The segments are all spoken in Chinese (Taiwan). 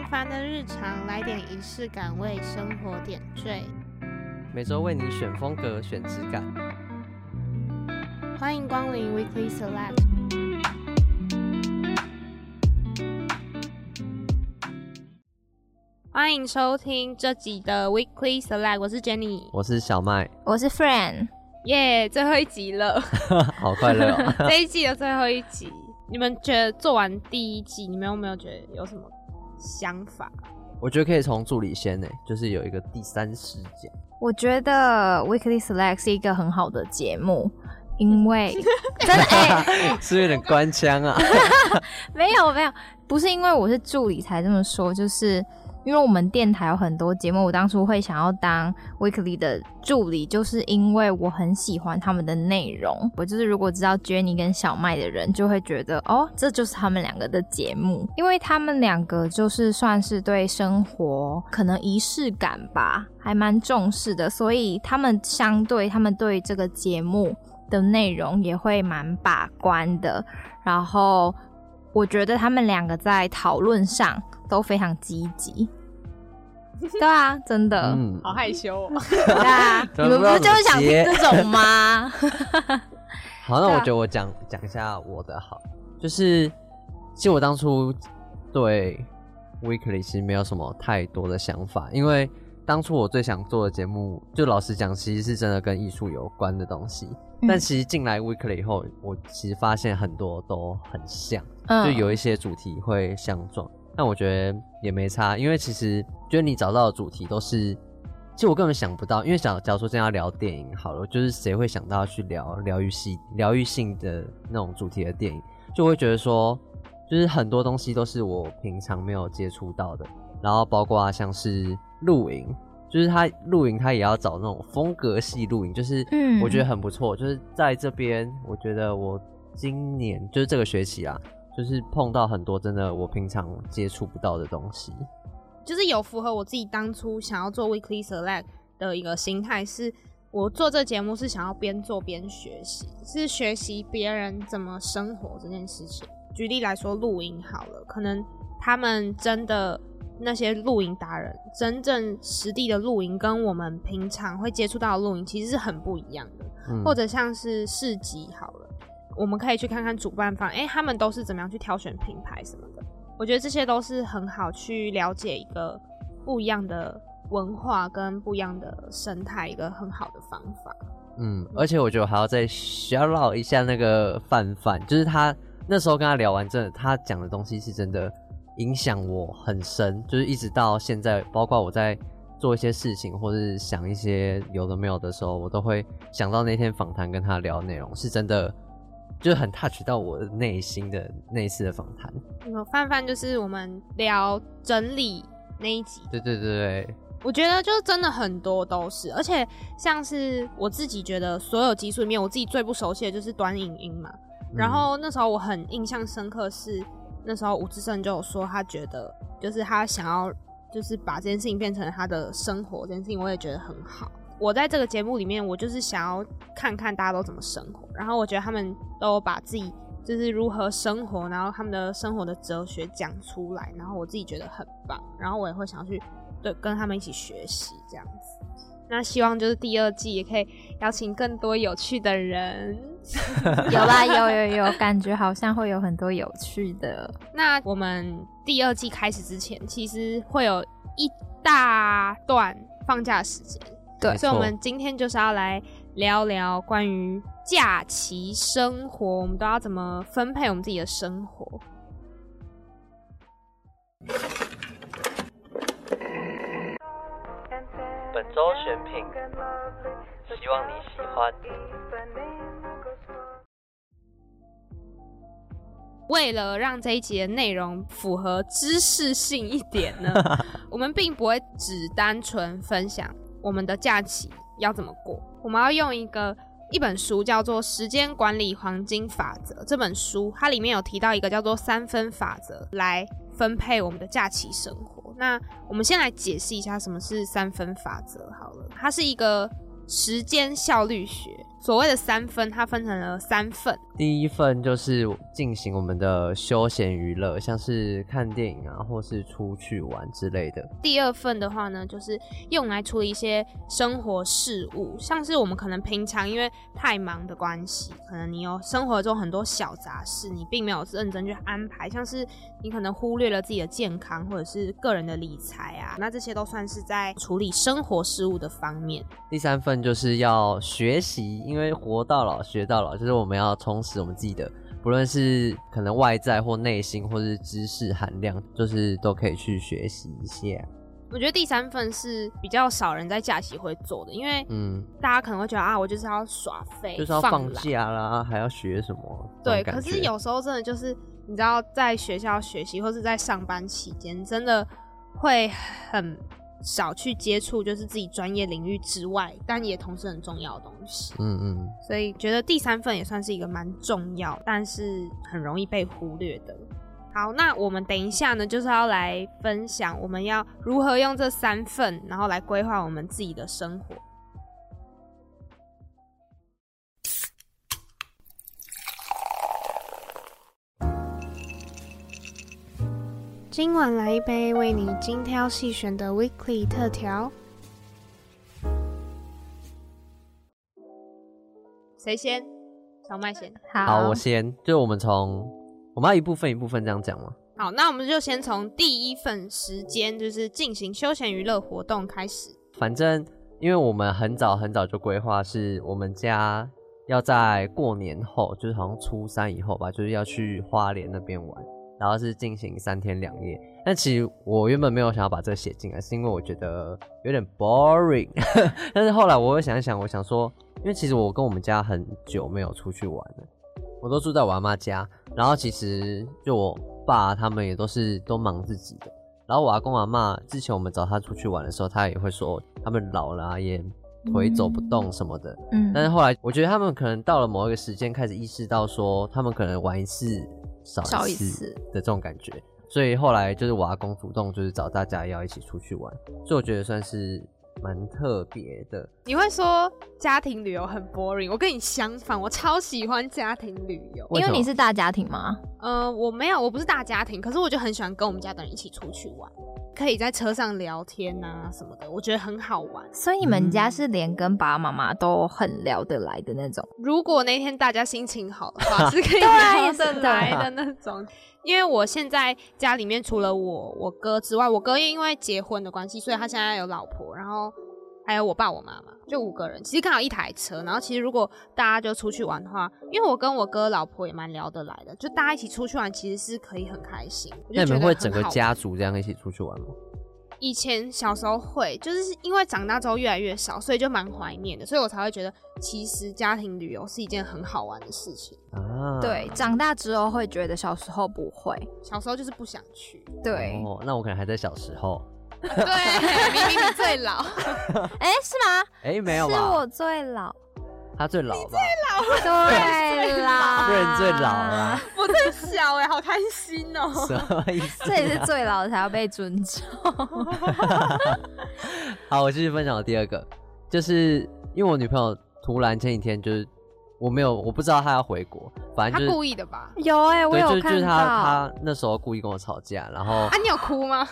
平凡的日常，來點儀式感，為生活點綴。每週為你選風格，選質感。歡迎光臨 Weekly Select。歡迎收聽這集的 Weekly Select。我是 Jenny，我是小麥，我是 Friend 耶，yeah, 最後一集了， 好快樂哦！ 這一季的最後一集，你們覺得做完第一季，你們有沒有覺得有什麼？想法，我覺得可以從助理先呢，就是有一個第三視角。我覺得 Weekly Select 是一個很好的節目，因為真 對 是不是有點官腔啊？ 沒有沒有，不是因為我是助理才這麼說，就是。因為我們電台有很多節目，我當初會想要當 Weekly 的助理，就是因為我很喜歡他們的內容。我就是如果知道 Jenny 跟小麥的人，就會覺得哦，這就是他們兩個的節目，因為他們兩個就是算是對生活可能儀式感吧，還蠻重視的，所以他們相對他們對這個節目的內容也會蠻把關的。然後我覺得他們兩個在討論上，都非常積極， 對啊，真的，嗯、好害羞、哦， 對啊， 你們不是就是想聽這種嗎？ 好，那我覺得我講講一下我的好，就是其實我當初對 Weekly 其實沒有什麼太多的想法，因為當初我最想做的節目，就老實講，其實是真的跟藝術有關的東西。嗯、但其實進來 Weekly 以後，我其實發現很多都很像，嗯、就有一些主題會相撞。但我覺得也沒差，因為其實覺得你找到的主題都是，其實我根本想不到，因為想假如說真要聊電影好了，就是誰會想到去聊療癒系、療癒性的那種主題的電影，就會覺得說，就是很多東西都是我平常沒有接觸到的，然後包括像是露營，就是他露營他也要找那種風格系露營，就是我覺得很不錯，就是在這邊，我覺得我今年就是這個學期啊。就是碰到很多真的我平常接觸不到的東西，就是有符合我自己當初想要做 Weekly Select 的一個心態，是，我做這節目是想要邊做邊學習，是學習別人怎麼生活這件事情。舉例來說，露營好了，可能他們真的那些露營達人，真正實地的露營跟我們平常會接觸到的露營其實是很不一樣的，嗯，或者像是市集好了。我們可以去看看主辦方，哎、欸，他們都是怎麼樣去挑選品牌什麼的。我覺得這些都是很好去了解一個不一樣的文化跟不一樣的生態一個很好的方法。嗯，而且我覺得我還要再 shout out 一下那個范范，就是他那時候跟他聊完，真的，他講的東西是真的影響我很深，就是一直到現在，包括我在做一些事情或是想一些有的沒有的時候，我都會想到那天訪談跟他聊內容是真的。就是很 touch 到我內心的那一次的訪談。嗯、范范，就是我們聊整理那一集。對對對對，我覺得就是真的很多都是，而且像是我自己覺得所有集數裡面，我自己最不熟悉的，就是短影音嘛。然後那時候我很印象深刻是，是那時候吳志勝就有說，他覺得就是他想要就是把這件事情變成他的生活，這件事情我也覺得很好。我在這個節目裡面，我就是想要看看大家都怎麼生活，然後我覺得他們都把自己就是如何生活，然後他們的生活的哲學講出來，然後我自己覺得很棒，然後我也會想要去，對，跟他們一起學習這樣子。那希望就是第二季也可以邀請更多有趣的人， 有啦，有有有，有，感覺好像會有很多有趣的。 那我們第二季開始之前，其實會有一大段放假的時間。對，所以我們今天就是要來聊聊關於假期生活，我們都要怎麼分配我們自己的生活。本周選品，希望你喜歡。為了讓這一集的內容符合知識性一點呢， 我們並不會只單純分享。我們的假期要怎麼過？我們要用一個一本書叫做《時間管理黃金法則》。這本書，它裡面有提到一個叫做三分法則，來分配我們的假期生活。那我們先來解釋一下什麼是三分法則好了，它是一個時間效率學。所謂的三分，它分成了三份。第一份就是進行我們的休閒娛樂，像是看電影啊，或是出去玩之類的。第二份的話呢，就是用來處理一些生活事務，像是我們可能平常因為太忙的關係，可能你有生活中很多小雜事，你並沒有認真去安排，像是你可能忽略了自己的健康，或者是個人的理財啊，那這些都算是在處理生活事務的方面。第三份就是要學習。因為活到老學到老，就是我們要充實我們自己的，不論是可能外在或內心，或是知識含量，就是都可以去學習一下。我覺得第三份是比較少人在假期會做的，因為嗯，大家可能會覺得啊，我就是要耍廢，就是要放假啦，還要學什麼，那個？對，可是有時候真的就是，你知道，在學校學習或是在上班期間，真的會很。少去接觸，就是自己專業領域之外，但也同時很重要的東西。嗯嗯，所以覺得第三份也算是一個蠻重要，但是很容易被忽略的。好，那我們等一下呢，就是要來分享我們要如何用這三份，然後來規劃我們自己的生活。今晚來一杯為你精挑細選的 Weekly 特調。誰先？小麥先。好，好我先。就我們從我們要一部分一部分這樣講嗎？好，那我們就先從第一份時間，就是進行休閒娛樂活動開始。反正因為我們很早很早就規劃，是我們家要在過年後，就是好像初三以後吧，就是要去花蓮那邊玩。然後是進行三天兩夜，但其實我原本沒有想要把這個寫進來，是因為我覺得有點 boring。但是後來我又想一想，我想說，因為其實我跟我們家很久沒有出去玩了，我都住在我阿嬤家。然後其實就我爸他們也都是都忙自己的。然後我阿公阿嬤之前我們找他出去玩的時候，他也會說他們老了啊，也腿走不動什麼的。嗯嗯。但是後來我覺得他們可能到了某一個時間開始意識到說，他們可能玩一次，少一次的這種感覺，所以後來就是我阿公主動就是找大家要一起出去玩，所以我覺得算是蠻特別的。你會說家庭旅遊很 boring，我跟你相反，我超喜歡家庭旅遊。因為你是大家庭嗎？呃，我沒有，我不是大家庭，可是我就很喜歡跟我們家的人一起出去玩，嗯、可以在車上聊天啊什麼的，我覺得很好玩。所以你們家是連跟爸爸媽媽都很聊得來的那種、嗯？如果那天大家心情好的話，是可以聊得來的那種。 因為我現在家裡面除了我、我哥之外，我哥也因為結婚的關係，所以他現在有老婆，然後還有我爸、我媽媽，就五個人，其實剛好一台車。然後其實如果大家就出去玩的話，因為我跟我哥老婆也蠻聊得來的，就大家一起出去玩其實是可以很開心。那你們會整個家族這樣一起出去玩嗎？以前小時候會，就是因為長大之後越來越少，所以就蠻懷念的，所以我才會覺得其實家庭旅遊是一件很好玩的事情啊。對，長大之後會覺得小時候不會，小時候就是不想去。對，哦、那我可能還在小時候。對，明明你最老。哎、 欸，是嗎？哎、欸，沒有吧？是我最老。他最老吧？你最老最老對啦，夫人最老我、啊、最 小哎、欸，好開心哦、喔。什麼意思？這也是最老才要被尊重。好，我繼續分享的第二個，就是因為我女朋友突然前幾天就是我沒有我不知道她要回國，反正她、就是、故意的吧？有哎、欸，我有看到。她她、就是就是、那時候故意跟我吵架，然後啊，你有哭嗎？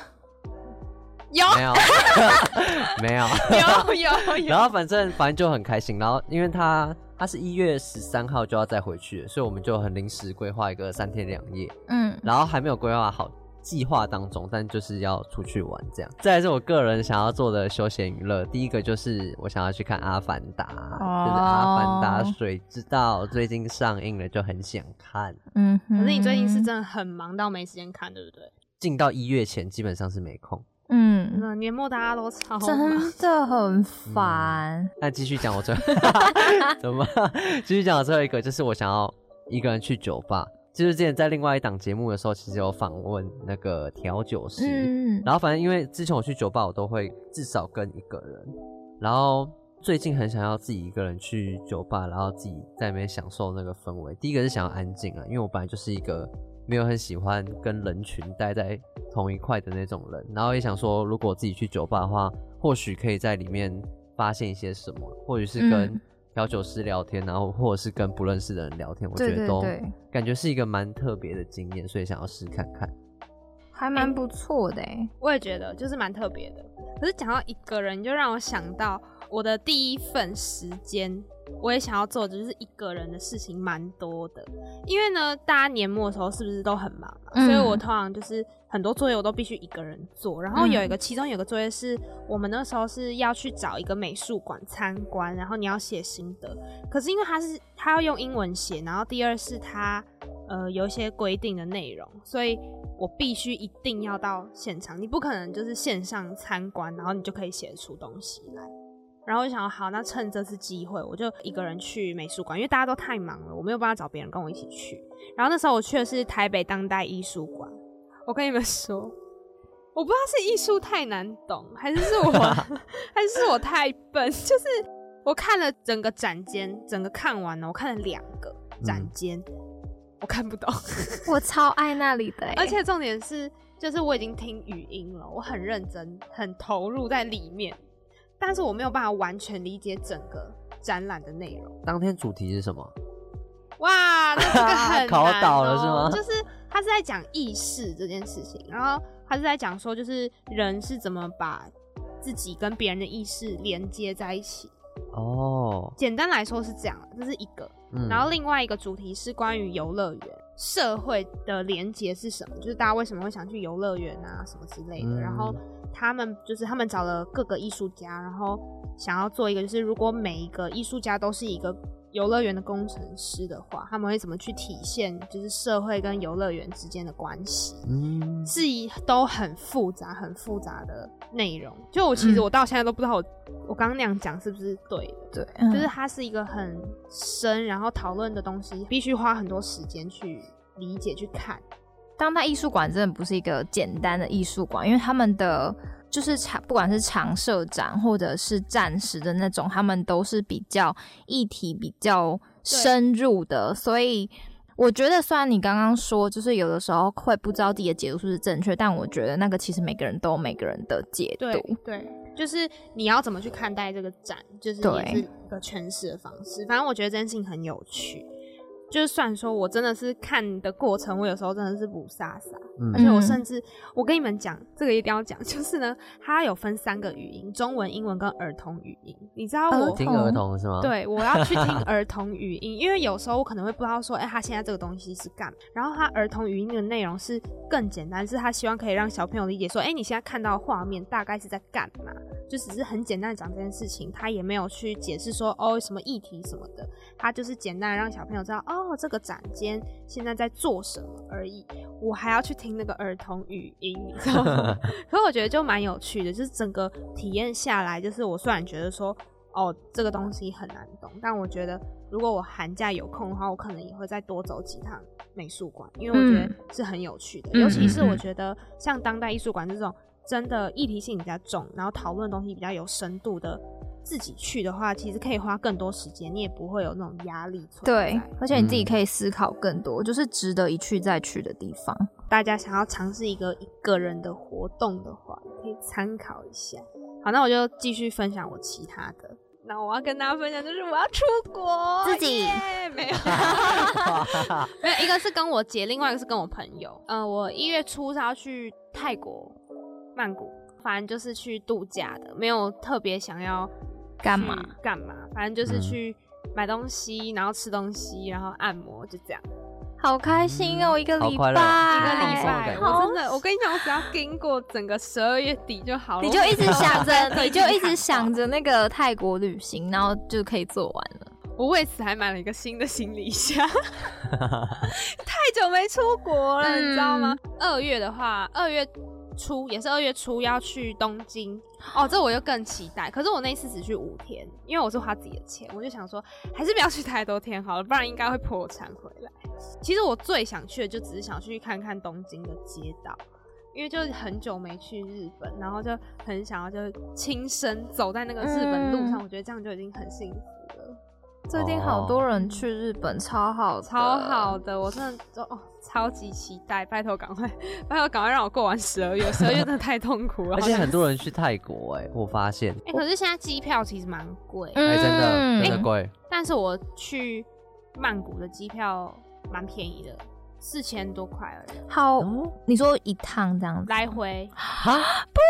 有 沒有沒有有有， 然後反正反正就很開心，然後因為他他是一月十三號就要再回去，所以我們就很臨時規劃一個三天兩夜，嗯，然後還沒有規劃好計劃當中，但就是要出去玩這樣。再來是我個人想要做的休閒娛樂，第一個就是我想要去看《阿凡達》哦，就是《阿凡達》，水之道，最近上映了，就很想看，嗯，可是你最近是真的很忙到沒時間看，對不對？進到一月前基本上是沒空。嗯，那年末大家都超真的很煩。那、嗯、繼續講我最後， 怎麼繼續講我最後一個？就是我想要一個人去酒吧。就是之前在另外一檔節目的時候，其實有訪問那個調酒師、嗯。然後反正因為之前我去酒吧，我都會至少跟一個人。然後最近很想要自己一個人去酒吧，然後自己在裡面享受那個氛圍。第一個是想要安靜啊，因為我本來就是一個。沒有很喜歡跟人群待在同一塊的那種人，然後也想說，如果自己去酒吧的話，或許可以在裡面發現一些什麼，或許是跟調酒師聊天，嗯，然後或者是跟不認識的人聊天，對對對，我覺得都感覺是一個蠻特別的經驗，所以想要試看看，還蠻不錯的、欸，我也覺得就是蠻特別的。可是講到一個人，就讓我想到我的第一份時間。我也想要做，只是一個人的事情蠻多的。因為呢，大家年末的時候是不是都很忙嘛，啊嗯。所以我通常就是很多作業我都必須一個人做。然後有一個，嗯、其中有個作業是我們那時候是要去找一個美術館參觀，然後你要寫心得。可是因為他是他要用英文寫，然後第二是他呃有一些規定的內容，所以我必須一定要到現場。你不可能就是線上參觀，然後你就可以寫出東西來。然後我就想，好，那趁這次機會，我就一個人去美術館，因為大家都太忙了，我沒有辦法找別人跟我一起去。然後那時候我去的是台北當代藝術館，我跟你們說，我不知道是藝術太難懂，還是，是我， 還是，是我太笨，就是我看了整個展間，整個看完了，我看了兩個展間，嗯、我看不懂。我超愛那裡的耶，而且重點是，就是我已經聽語音了，我很認真，很投入在裡面。但是我沒有辦法完全理解整個展覽的內容。當天主題是什麼？哇，那這個很難喔。 考倒了是嗎？就是他是在講意識這件事情，然後他是在講說，就是人是怎麼把自己跟別人的意識連接在一起。哦。簡單來說是這樣的，這是一個、嗯。然後另外一個主題是關於遊樂園，社會的連接是什麼？就是大家為什麼會想去遊樂園啊，什麼之類的。嗯、然後。他們就是他們找了各個藝術家，然後想要做一個，就是如果每一個藝術家都是一個遊樂園的工程師的話，他們會怎麼去體現就是社會跟遊樂園之間的關係？嗯，是一都很複雜很複雜的內容。就我其實我到現在都不知道我，嗯、我剛剛那樣講是不是對的？對、嗯，就是它是一個很深，然後討論的東西必須花很多時間去理解去看。當代藝術館真的不是一個簡單的藝術館，因為他們的就是長，不管是常設展，或者是暫時的那種，他們都是比較議題比較深入的。所以我覺得，雖然你剛剛說就是有的時候會不知道自己的解讀是不是正確，但我覺得那個其實每個人都有每個人的解讀，對，對，就是你要怎麼去看待這個展，就是你是個詮釋的方式。反正我覺得真心很有趣。就是雖然說我真的是看的過程，我有時候真的是不傻傻、嗯，而且我甚至我跟你們講，這個一定要講，就是呢，它有分三個語音，中文、英文跟兒童語音，你知道我聽兒童是嗎？對，我要去聽兒童語音， 因為有時候我可能會不知道說，哎、欸，他現在這個東西是幹嘛？然後他兒童語音的內容是更簡單，是他希望可以讓小朋友理解說，哎、欸，你現在看到的畫面大概是在幹嘛？就只是很簡單的講這件事情，他也沒有去解釋說哦什麼議題什麼的，他就是簡單的讓小朋友知道哦。哦，這個展間現在在做什麼而已，我還要去聽那個兒童語音，你知道嗎？所 以我覺得就蠻有趣的，就是整個體驗下來，就是我雖然覺得說，哦，這個東西很難懂，但我覺得如果我寒假有空的話，我可能也會再多走幾趟美術館，因為我覺得是很有趣的，尤其是我覺得像當代藝術館這種真的議題性比較重，然後討論的東西比較有深度的。自己去的話，其實可以花更多時間，你也不會有那種壓力存在。對，而且你自己可以思考更多，嗯、就是值得一去再去的地方。大家想要嘗試一個一個人的活動的話，可以參考一下。好，那我就繼續分享我其他的。那我要跟大家分享，就是我要出國，自己沒有，yeah, 沒有，一個是跟我姐，另外一個是跟我朋友。嗯、呃，我一月初是要去泰國曼谷，反正就是去度假的，沒有特別想要。幹嘛幹嘛，反正就是去買東西、嗯，然後吃東西，然後按摩，就這樣，好開心哦！一個禮拜，好一個禮拜，我真的，我跟你講，我只要經過整個十二月底就好了。你就一直想着， 你就一直想着那個泰國旅行， 然後就可以做完了。我為此還買了一個新的行李箱， 太久沒出國了、嗯，你知道嗎？二月的話，二月初也是二月初要去東京。哦，這我又更期待。可是我那次只去五天，因為我是花自己的錢，我就想說還是不要去太多天好了，不然應該會破產回來。其實我最想去的就只是想去看看東京的街道，因為就是很久沒去日本，然後就很想要就親身走在那個日本路上，嗯、我覺得這樣就已經很幸福了。最近好多人去日本，超好的，超好的，我真的就哦。超級期待，拜託趕快，拜託趕快讓我過完十二月，十二月真的太痛苦了。而且很多人去泰國、欸，哎，我發現。哎、欸，可是現在機票其實蠻貴、嗯欸，真的真的貴、欸。但是我去曼谷的機票蠻便宜的，四千多塊而已。好、嗯，你說一趟這樣子，來回？不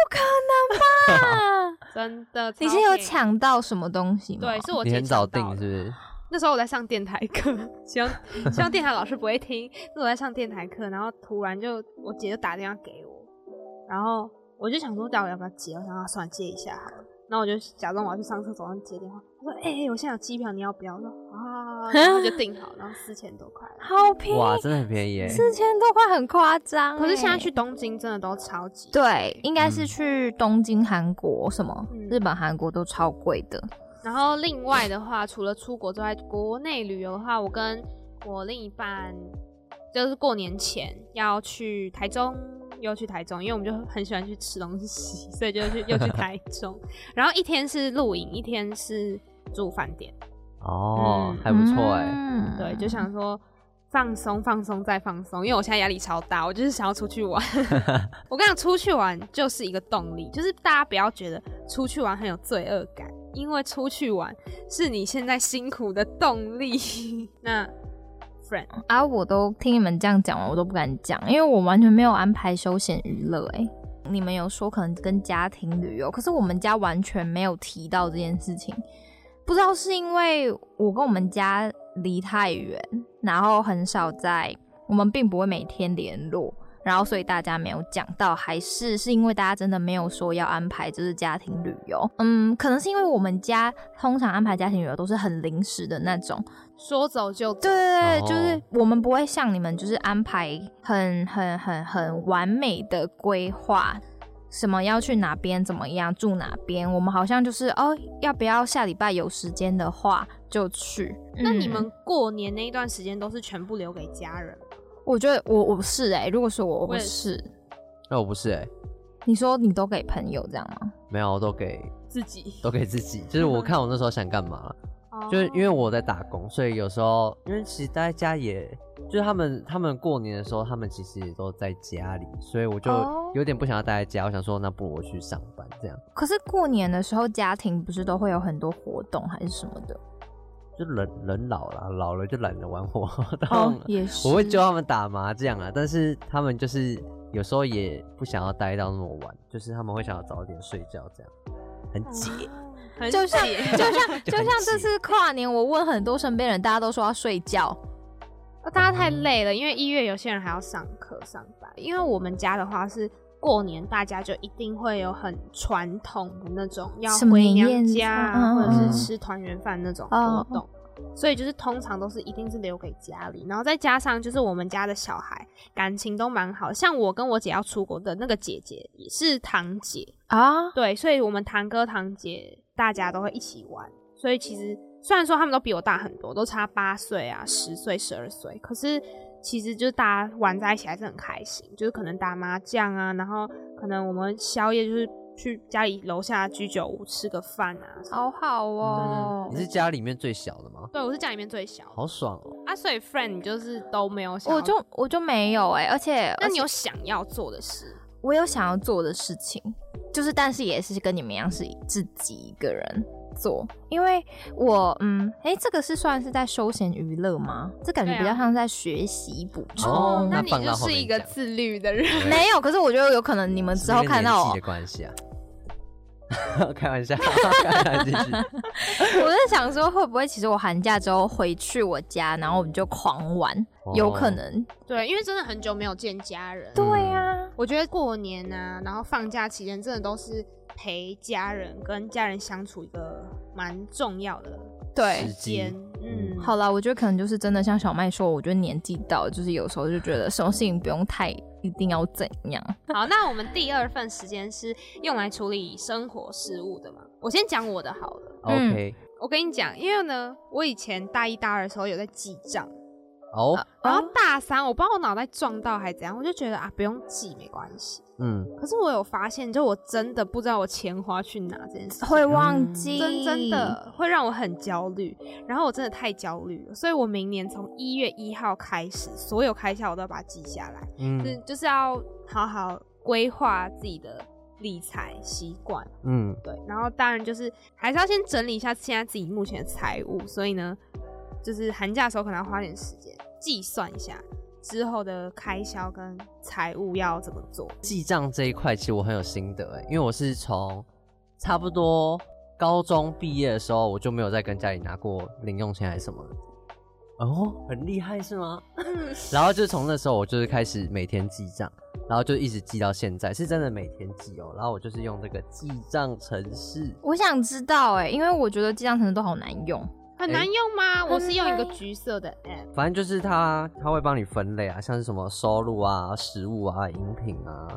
可能吧？ 真的？你是有搶到什麼東西嗎？對，是我搶到。你很早訂是不是？那時候我在上電台課，希望希望電台老師不會聽。那時候我在上電台課，然後突然就我姐就打電話給我，然後我就想說，到底要不要接？我想說，算接一下好了。然後我就假裝我要去上廁所，然後接電話。他說：“哎、欸，我現在有機票，你要不要？”我說：“啊。然”然後就訂 好，然後四千多塊，好便宜哇，真的很便宜耶。四千多塊很誇張，可是現在去東京真的都超級。對，應該是去東京、韓國什麼、嗯、日本、韓國都超貴的。然後另外的話，除了出國之外，國內旅遊的話，我跟我另一半就是過年前要去台中，又去台中，因為我們就很喜歡去吃東西，所以就去又去台中。 然後一天是露營，一天是住飯店。哦，還不錯哎、欸，嗯、嗯。對，就想說放鬆放鬆再放鬆，因為我現在壓力超大，我就是想要出去玩。 我跟你講，出去玩就是一個動力，就是大家不要覺得出去玩很有罪惡感。因為出去玩是你現在辛苦的動力， 那 friend 啊，我都聽你們這樣講完，我都不敢講，因為我完全沒有安排休閒娛樂。哎，你們有說可能跟家庭旅遊，可是我們家完全沒有提到這件事情，不知道是因為我跟我們家離太遠，然後很少在，我們並不會每天聯絡。然後，所以大家沒有講到，還是是因為大家真的沒有說要安排就是家庭旅遊？嗯，可能是因為我們家通常安排家庭旅遊都是很臨時的那種，說走就走。對對對，就是我們不會像你們，就是安排很很很很完美的規劃，什麼要去哪邊，怎麼樣住哪邊。我們好像就是哦，要不要下禮拜有時間的話就去。嗯。那你們過年那一段時間都是全部留給家人？我覺得我我不是哎、欸，如果是我，我不是。Wait. 那我不是哎、欸。你說你都給朋友這樣嗎？沒有，我都給自己，都給自己。就是我看我那時候想幹嘛， 就因為我在打工，所以有時候因為其實待在家也，也就他們他們過年的時候，他們其實也都在家裡，所以我就有點不想要待在家。 我想說，那不如我去上班這樣。可是過年的時候，家庭不是都會有很多活動還是什麼的？就人人老了，老了就懶得玩火。然後我會教他們打麻將啊、oh,，但是他們就是有時候也不想要待到那麼晚，就是他們會想要早點睡覺，這樣很擠、oh,，就像就像 就，就像這次跨年，我問很多身邊人，大家都說要睡覺，啊，大家太累了，因為一月有些人還要上課上班。因為我們家的話是。過年大家就一定會有很傳統的那種要回娘家或者是吃團圓飯那種活動，所以就是通常都是一定是留給家裡，然後再加上就是我們家的小孩感情都蠻好，像我跟我姐要出國的那個姐姐也是堂姐啊，對，所以我們堂哥堂姐大家都會一起玩，所以其實雖然說他們都比我大很多，都差八歲啊、十歲、十二歲，可是。其實就是大家玩在一起還是很開心，就是可能打麻將啊，然後可能我們宵夜就是去家裡樓下居酒屋吃個飯啊，好好哦、喔。嗯。你是家裡面最小的嗎？對，我是家裡面最小，好爽哦、喔。啊，所以 friend 你就是都沒有想，我就我就沒有哎、欸，而且那你有想要做的事？我有想要做的事情，就是但是也是跟你們一樣是自己一個人。做，因為我，嗯，哎、欸，這個是算是在休閒娛樂嗎？這感覺比較像在學習補充。那你就是一個自律的人， 沒有。可是我覺得有可能你們之後看到我關係啊， 開玩笑， 我在想說會不會，其實我寒假之後回去我家，然後我們就狂玩，哦、有可能。對，因為真的很久沒有見家人。嗯、對啊，我覺得過年啊，然後放假期間，真的都是陪家人，嗯、跟家人相處一個。蠻重要的時間，對時間，嗯，嗯，好了，我覺得可能就是真的，像小麥說，我覺得年紀到，就是有時候就覺得什麼事情不用太一定要怎樣。 好，那我們第二份時間是用來處理生活事務的嘛？我先講我的好了。OK，嗯、我跟你講，因為呢，我以前大一、大二的時候有在記賬，哦、oh. 啊，然後大三，我不知道我腦袋撞到還怎樣，我就覺得啊，不用記，沒關係。嗯，可是我有發現，就我真的不知道我錢花去哪這件事，會忘記，嗯，真真的會讓我很焦慮。然後我真的太焦慮了，所以我明年從一月一號開始，所有開銷我都要把它記下來，嗯，就是，就是要好好規劃自己的理財習慣，嗯，對。然後當然就是還是要先整理一下現在自己目前的財務，所以呢，就是寒假的時候可能要花點時間計算一下。之後的開銷跟財務要怎麼做？記賬這一塊其實我很有心得哎、欸，因為我是從差不多高中畢業的時候，我就沒有再跟家裡拿過零用錢還是什麼。哦，很厲害是嗎？ 然後就從那時候我就是開始每天記賬，然後就一直記到現在，是真的每天記哦。然後我就是用這個記賬程式。我想知道哎、欸，因為我覺得記賬程式都好難用。很難用嗎？欸，我是用一個橘色的 app，反正就是它，它會幫你分類啊，像是什麼收入啊、食物啊、飲品啊，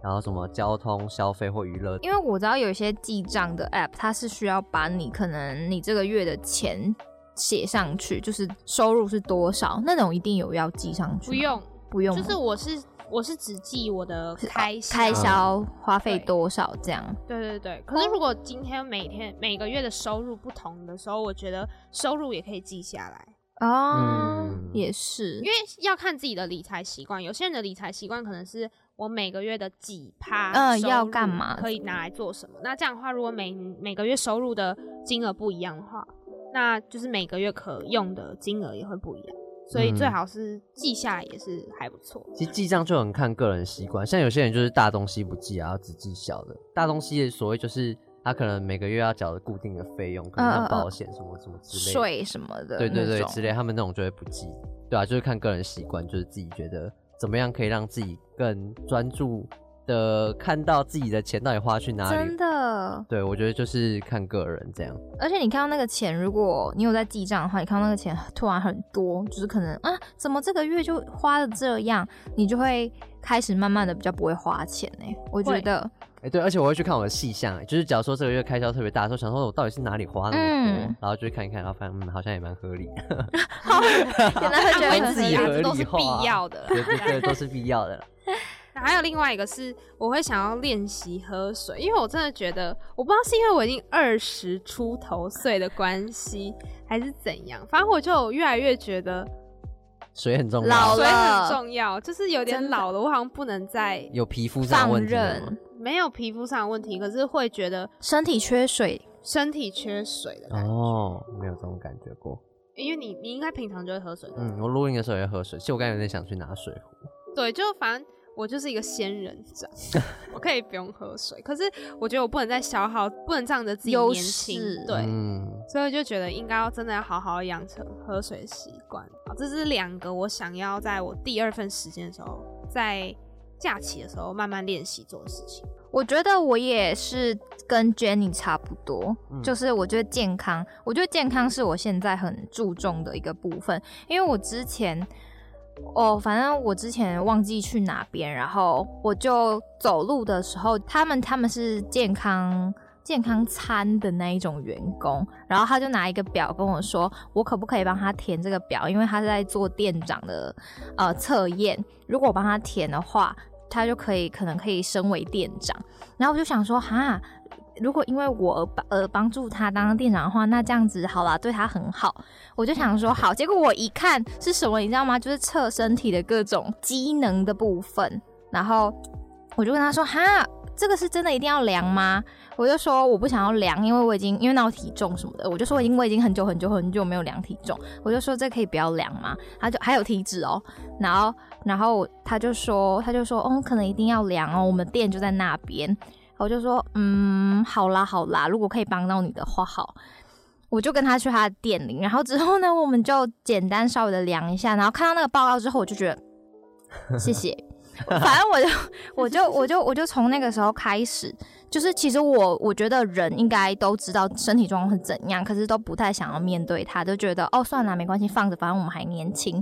然後什麼交通、消費或娛樂。因為我知道有一些記賬的 app，它是需要把你可能你這個月的錢寫上去，就是收入是多少那種，一定有要記上去。不用，不用，就是我是。我是只記我的開銷開銷，花費多少這樣。對，對對對，可是如果今天每天、嗯、每個月的收入不同的時候，我覺得收入也可以記下來。哦、啊，嗯，也是，因為要看自己的理財習慣。有些人的理財習慣可能是我每個月的幾趴，嗯，要幹嘛，可以拿來做什麼、嗯。那這樣的話，如果每每個月收入的金額不一樣的話，那就是每個月可用的金額也會不一樣。所以最好是記下來也是還不錯、嗯。其實記賬就很看個人習慣，像有些人就是大東西不記啊，只記小的。大東西的所謂就是他可能每個月要繳的固定的費用，可能保險什麼什麼之類的稅、呃、什麼的，對對對，之類的他們那種就會不記，對啊，就是看個人習慣，就是自己覺得怎麼樣可以讓自己更專注的看到自己的錢到底花去哪裡，真的，對，我覺得就是看個人這樣。而且你看到那個錢，如果你有在記賬的話，你看到那個錢突然很多，就是可能啊，怎麼這個月就花了這樣，你就會開始慢慢的比較不會花錢呢、欸？我覺得，哎、欸，對，而且我會去看我的細項，就是假如說這個月開銷特別大的時候，想說我到底是哪裡花了那麼多，嗯、然後就去看一看，然後發現嗯，好像也蠻合理的。現 在 會覺得自己合理、啊、都是必要的，對對，對， 都是必要的。還有另外一個是，我會想要練習喝水，因為我真的覺得，我不知道是因為我已經二十出頭歲的關係，還是怎樣，反正我就越來越覺得水很重要。水很重要，就是有點老了，真的，我好像不能再有皮膚上的問題。沒有皮膚上的問題，可是會覺得身體缺水，身體缺水的感覺。哦，沒有這種感覺過，因為你你應該平常就會喝水對對。嗯，我錄音的時候也會喝水。其實我剛才有點想去拿水壺，對，就反正。我就是一個仙人掌， 我可以不用喝水。可是我覺得我不能再消耗，不能仗着自己年輕，對，嗯、所以我就覺得應該要真的要好好養成喝水習慣。好，這是兩個我想要在我第二份時間的時候，在假期的時候慢慢練習做的事情。我覺得我也是跟 Jenny 差不多、嗯，就是我覺得健康，我覺得健康是我現在很注重的一個部分，因為我之前。哦，反正我之前忘記去哪邊，然後我就走路的時候，他們他們是健康健康餐的那一種員工，然後他就拿一個表跟我說，我可不可以幫他填這個表，因為他在做店長的呃測驗，如果我幫他填的話，他就可以可能可以升為店長，然後我就想說哈。如果因為我而幫，而幫助他當店長的話，那這樣子好了，對他很好。我就想說好，結果我一看是什麼，你知道嗎？就是測身體的各種機能的部分。然後我就跟他說哈，這個是真的一定要量嗎？我就說我不想要量，因為我已經因為那我體重什麼的，我就說我已經我已經很久很久很久沒有量體重，我就說這可以不要量嗎？他就還有體脂哦，然後然後他就說他就說哦，可能一定要量哦，我們店就在那邊。我就說，嗯，好啦好啦，如果可以幫到你的話，好，我就跟他去他的店裡，然後之後呢，我們就簡單稍微的量一下，然後看到那個報告之後，我就覺得謝謝。 反正我就我就我就我就，我就從那個時候開始，就是其實我我覺得人應該都知道身體狀況是怎樣，可是都不太想要面對他，都覺得哦算了，啊、沒關係，放着，反正我們還年輕。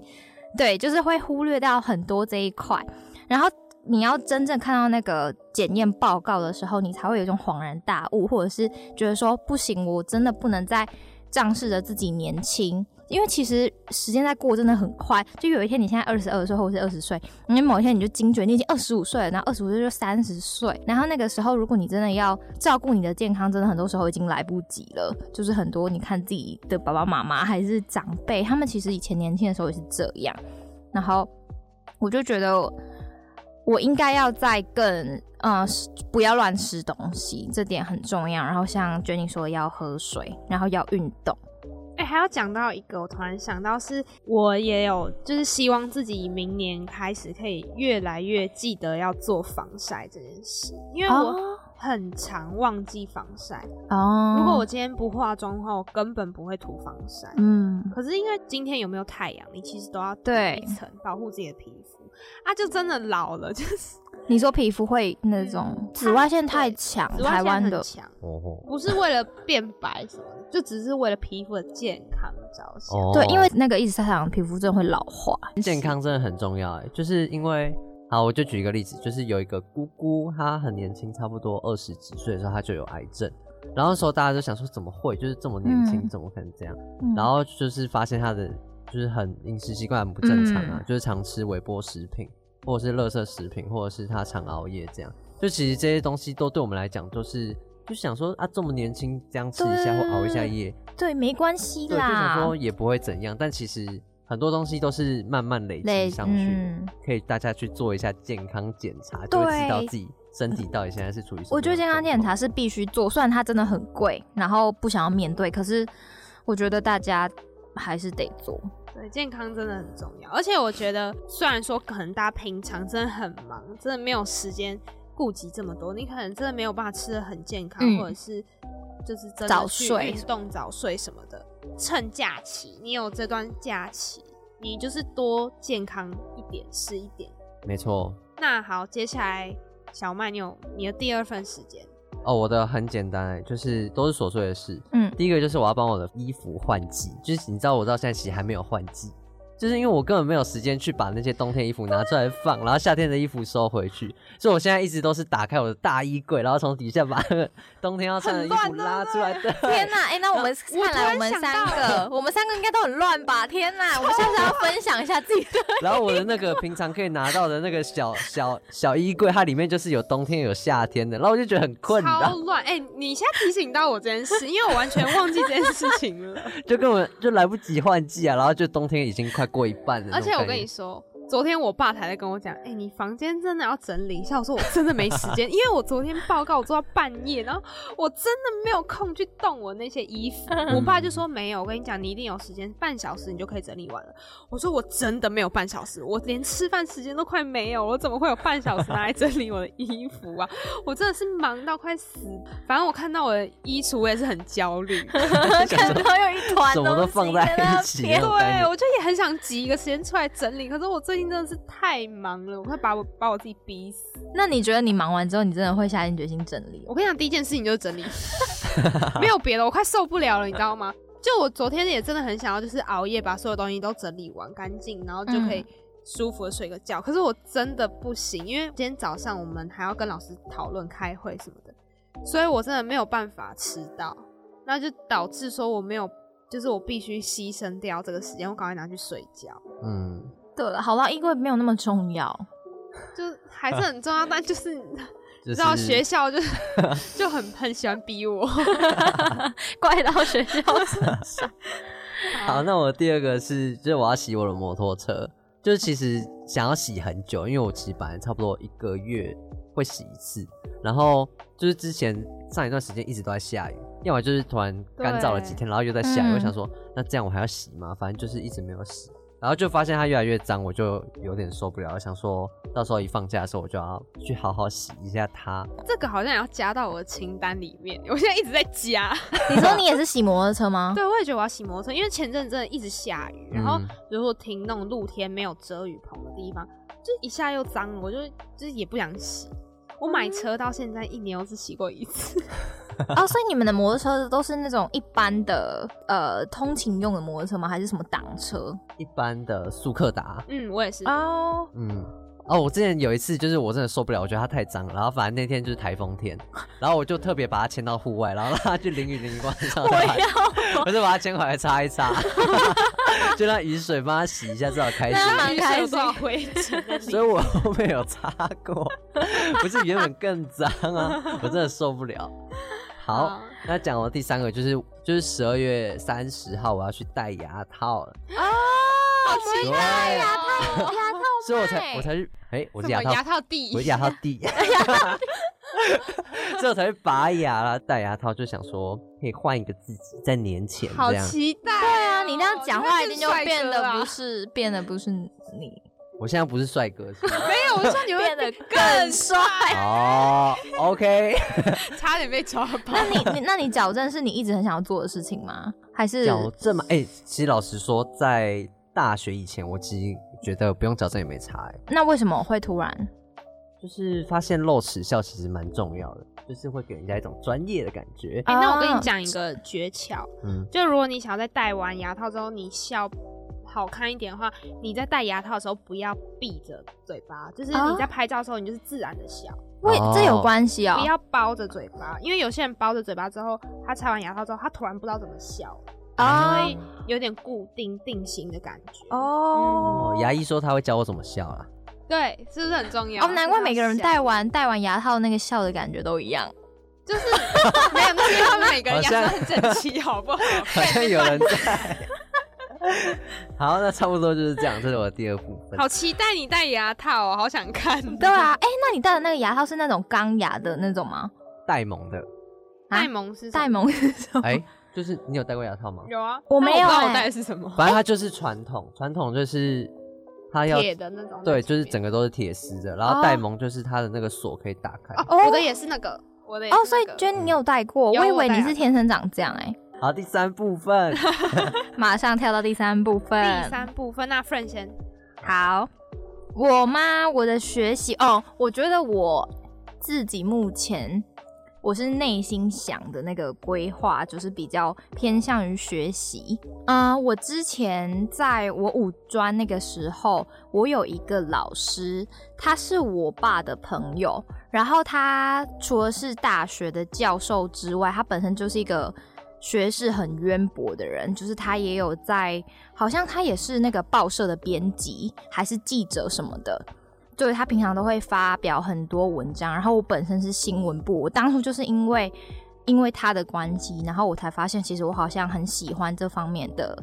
對，就是會忽略掉很多這一塊，然後。你要真正看到那個檢驗報告的時候，你才會有一種恍然大悟，或者是覺得說不行，我真的不能再仗勢着自己年輕，因為其實時間在過，真的很快。就有一天，你現在二十二歲，或者是二十歲，你某一天你就驚覺，你已經二十五歲了，然後二十五歲就三十歲，然後那個時候，如果你真的要照顧你的健康，真的很多時候已經來不及了。就是很多你看自己的爸爸媽媽還是長輩，他們其實以前年輕的時候也是這樣。然後我就覺得。我應該要再更，嗯、呃，不要亂吃東西，這點很重要。然後像 Jenny 說的要喝水，然後要運動。哎、欸，還要講到一個，我突然想到是，我也有就是希望自己明年開始可以越來越記得要做防曬這件事，因為我很常忘記防曬。哦。如果我今天不化妝的話，我根本不會塗防曬。嗯。可是因為今天有沒有太陽，你其實都要塗一層，保護自己的皮膚。啊，就真的老了，就是你說皮膚會那種紫外線太強、嗯，台灣的強、哦，不是為了變白什麼的， 就只是為了皮膚的健康着想、哦。對，因為那個一直曬太陽皮膚真的會老化、嗯，健康真的很重要。哎，就是因為，好，我就舉一個例子，就是有一個姑姑，她很年輕，差不多二十幾歲的時候，她就有癌症。然後那時候大家就想說，怎麼會，就是這麼年輕、嗯，怎麼可能這樣、嗯？然後就是發現她的。就是很飲食習慣很不正常啊，嗯，就是常吃微波食品，或者是垃圾食品，或者是他常熬夜這樣。就其實這些東西都對我們來講，就是就想說啊，這麼年輕這樣吃一下或熬一下夜，對，沒關係啦。就想說也不會怎樣，但其實很多東西都是慢慢累積上去，嗯。可以大家去做一下健康檢查，對，就會知道自己身體到底現在是處於什麼。我覺得健康檢查是必須做，雖然它真的很貴，然後不想要面對，可是我覺得大家。還是得做，對，健康真的很重要。而且我覺得，雖然說可能大家平常真的很忙，真的沒有時間顧及這麼多，你可能真的沒有辦法吃得很健康，嗯，或者是就是早睡，運動、早睡什麼的。趁假期，你有這段假期，你就是多健康一點是一點。沒錯。那好，接下來小麥，你有你的第二份時間。哦，我的很簡單，就是都是瑣碎的事。嗯，第一個就是我要幫我的衣服換季，就是你知道，我到現在其實還沒有換季。就是因為我根本沒有時間去把那些冬天衣服拿出來放，然後夏天的衣服收回去，所以我現在一直都是打開我的大衣櫃，然後從底下把冬天要穿的衣服拉出來。的、啊。天哪，哎、欸，那我們看來我們三個我，我們三個應該都很亂吧？天哪，我們下次要分享一下自己的。然後我的那個平常可以拿到的那個小小小衣櫃，它裡面就是有冬天有夏天的，然後我就覺得很困難。好亂，哎、欸，你現在提醒到我這件事， 因為我完全忘記這件事情了，就根本就來不及換季啊，然後就冬天已經快。過一半的，而且我跟你說。昨天我爸還在跟我講，哎、欸，你房間真的要整理一下。我說我真的沒時間， 因為我昨天報告我做到半夜，然後我真的沒有空去動我那些衣服、嗯。我爸就說沒有，我跟你講，你一定有時間，半小時你就可以整理完了。我說我真的沒有半小時，我連吃飯時間都快沒有，我怎麼會有半小時拿來整理我的衣服啊？我真的是忙到快死，反正我看到我的衣櫥，我也是很焦慮，覺 還看到笑有一團什麼都放在一起，對我就也很想擠一個時間出來整理，可是我最。最近真的是太忙了，我快把我把我自己逼死。那你覺得你忙完之後，你真的會下定決心整理？我跟你講，第一件事情就是整理， 沒有別的，我快受不了了，你知道嗎？就我昨天也真的很想要，就是熬夜把所有東西都整理完乾淨，然後就可以舒服的睡個覺，嗯。可是我真的不行，因為今天早上我們還要跟老師討論、開會什麼的，所以我真的沒有辦法遲到，那就導致說我沒有，就是我必須犧牲掉這個時間，我趕快拿去睡覺。嗯。對了，好了，衣櫃沒有那麼重要，就還是很重要， 但就是、就是、知道學校就 就很很喜歡逼我，怪到學校身上。 好，那我第二個是，就是我要洗我的摩托車，就是其實想要洗很久，因為我其實本來差不多一個月會洗一次，然後就是之前上一段時間一直都在下雨，要麼就是突然乾燥了幾天，然後又在下雨，嗯、我想說那這樣我還要洗嗎？反正就是一直沒有洗。然後就發現它越來越髒，我就有點受不了，我想說到時候一放假的時候我就要去好好洗一下它。這個好像也要加到我的清單裡面，我現在一直在加。你說你也是洗摩托車嗎？ 對，我也覺得我要洗摩托車，因為前陣子真的一直下雨，然後比如說停那種露天沒有遮雨棚的地方，就一下又髒，我就就是也不想洗。我買車到現在一年，我只洗過一次。哦，所以你們的摩托車都是那種一般的，呃，通勤用的摩托車嗎？還是什麼擋車？一般的速克達。嗯，我也是。哦，嗯，哦，我之前有一次，就是我真的受不了，我覺得它太髒了。然後反正那天就是颱風天， 然後我就特別把它牽到戶外，然後讓它去淋雨淋一掛。我就把它牽回來擦一擦。 就讓雨水幫他洗一下，至少開心。所以，我後面有擦過， 不是原本更髒啊，我真的受不了。好，啊、那講我第三個、就是，就是就是十二月三十號，我要去戴牙套了啊、哦，好奇怪、喔，牙牙套，所以我才我才是哎、欸，我牙套，牙套弟，我牙套弟。 牙套之 才拔牙啦，戴牙套，就想說可以換一個自己，在年前，好期待、喔。對啊，你那樣講話已經就變了，不是，是變了，不是你。我現在不是帥哥。沒有，我說你會變得更帥。哦、oh,，OK， 差點被抓包。那你，你那你矯正是你一直很想要做的事情嗎？還是矯正嗎？哎、欸，其實老實說，在大學以前，我其實覺得不用矯正也沒差、欸。哎，那為什麼會突然？就是發現露齒笑其實蠻重要的，就是會給人家一種專業的感覺。哎、欸，那我跟你講一個訣竅，嗯，就如果你想要在戴完牙套之後你笑好看一點的話，你在戴牙套的時候不要閉着嘴巴，就是你在拍照的時候你就是自然的笑。會、啊，這有關係啊、喔。不要包着嘴巴，因為有些人包着嘴巴之後，他拆完牙套之後，他突然不知道怎麼笑，哎、啊，所以有點固定定型的感覺。哦、嗯嗯，牙醫說他會教我怎麼笑啊。對，是不是很重要？哦，難怪每個人戴完戴完牙套那個笑的感覺都一樣， 就是 沒有，那邊他每個人牙齒很整齊，好，好不好？好像有人在。 好，那差不多就是這樣， 這是我的第二部分。好期待你戴牙套，哦，好想看。對啊，哎、欸，那你戴的那個牙套是那種鋼牙的那種嗎？戴蒙的。戴蒙是什麼？戴蒙是什麼？哎、欸，就是你有戴過牙套嗎？有啊，我沒有，欸。我帶我戴是什麼？反正它就是傳統，欸、傳統就是。鐵的那種，對，就是整個都是鐵絲的、喔，然後帶門就是他的那個鎖可以打開、喔。我的也是那個，我的哦、那個喔，所以娟，你有戴過、嗯？我以為你是天生長這樣哎。好，第三部分， 馬上跳到第三部分。第三部分，那 friend 先。好，我嗎？我的學習哦，我覺得我自己目前。我是內心想的那個規劃，就是比較偏向於學習。啊、嗯，我之前在我五專那個時候，我有一個老師，他是我爸的朋友。然後他除了是大學的教授之外，他本身就是一個學識很淵博的人。就是他也有在，好像他也是那個報社的編輯，還是記者什麼的。對他平常都會發表很多文章，然後我本身是新聞部，我當初就是因為因為他的關係，然後我才發現其實我好像很喜歡這方面的，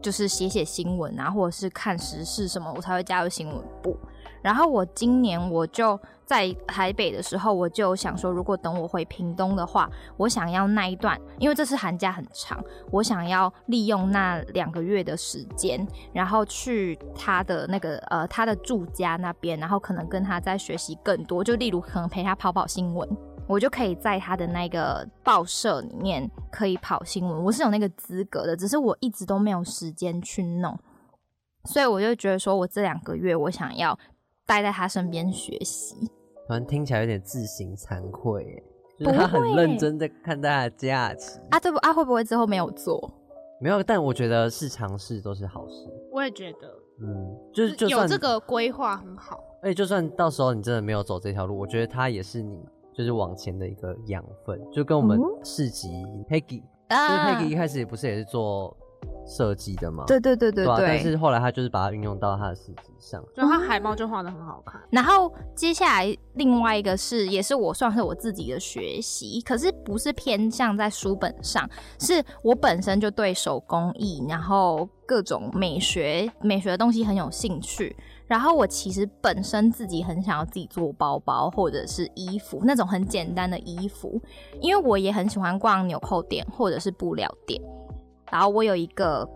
就是寫寫新聞啊，或者是看時事什麼，我才會加入新聞部。然後我今年我就在台北的時候，我就想說，如果等我回屏東的話，我想要那一段，因為這次寒假很長，我想要利用那兩個月的時間，然後去他的那個呃他的住家那邊，然後可能跟他再學習更多，就例如可能陪他跑跑新聞，我就可以在他的那個報社裡面可以跑新聞，我是有那個資格的，只是我一直都沒有時間去弄，所以我就覺得說我這兩個月我想要。待在他身邊學習，突然聽起來有點自行慚愧，就是他很認真在看待他的價值、欸、啊？對不啊？會不會之後沒有做？沒、嗯、有，但我覺得是嘗試都是好事。我也覺得，嗯，就是有這個規劃很好。哎，就算到時候你真的沒有走這條路，我覺得他也是你就是往前的一個養分，就跟我們市集 Peggy，、嗯、就、啊、是 Peggy 一開始也不是也是做。設計的嗎？對對對對對，對，對，對、啊，但是後來他就是把它運用到他的設計上，所以他海報就畫得很好看。然後接下來另外一個是，也是我算是我自己的學習，可是不是偏向在書本上，是我本身就對手工藝，然後各種美學美學的東西很有興趣。然後我其實本身自己很想要自己做包包或者是衣服，那種很簡單的衣服，因為我也很喜歡逛紐扣店或者是布料店。然後我有一個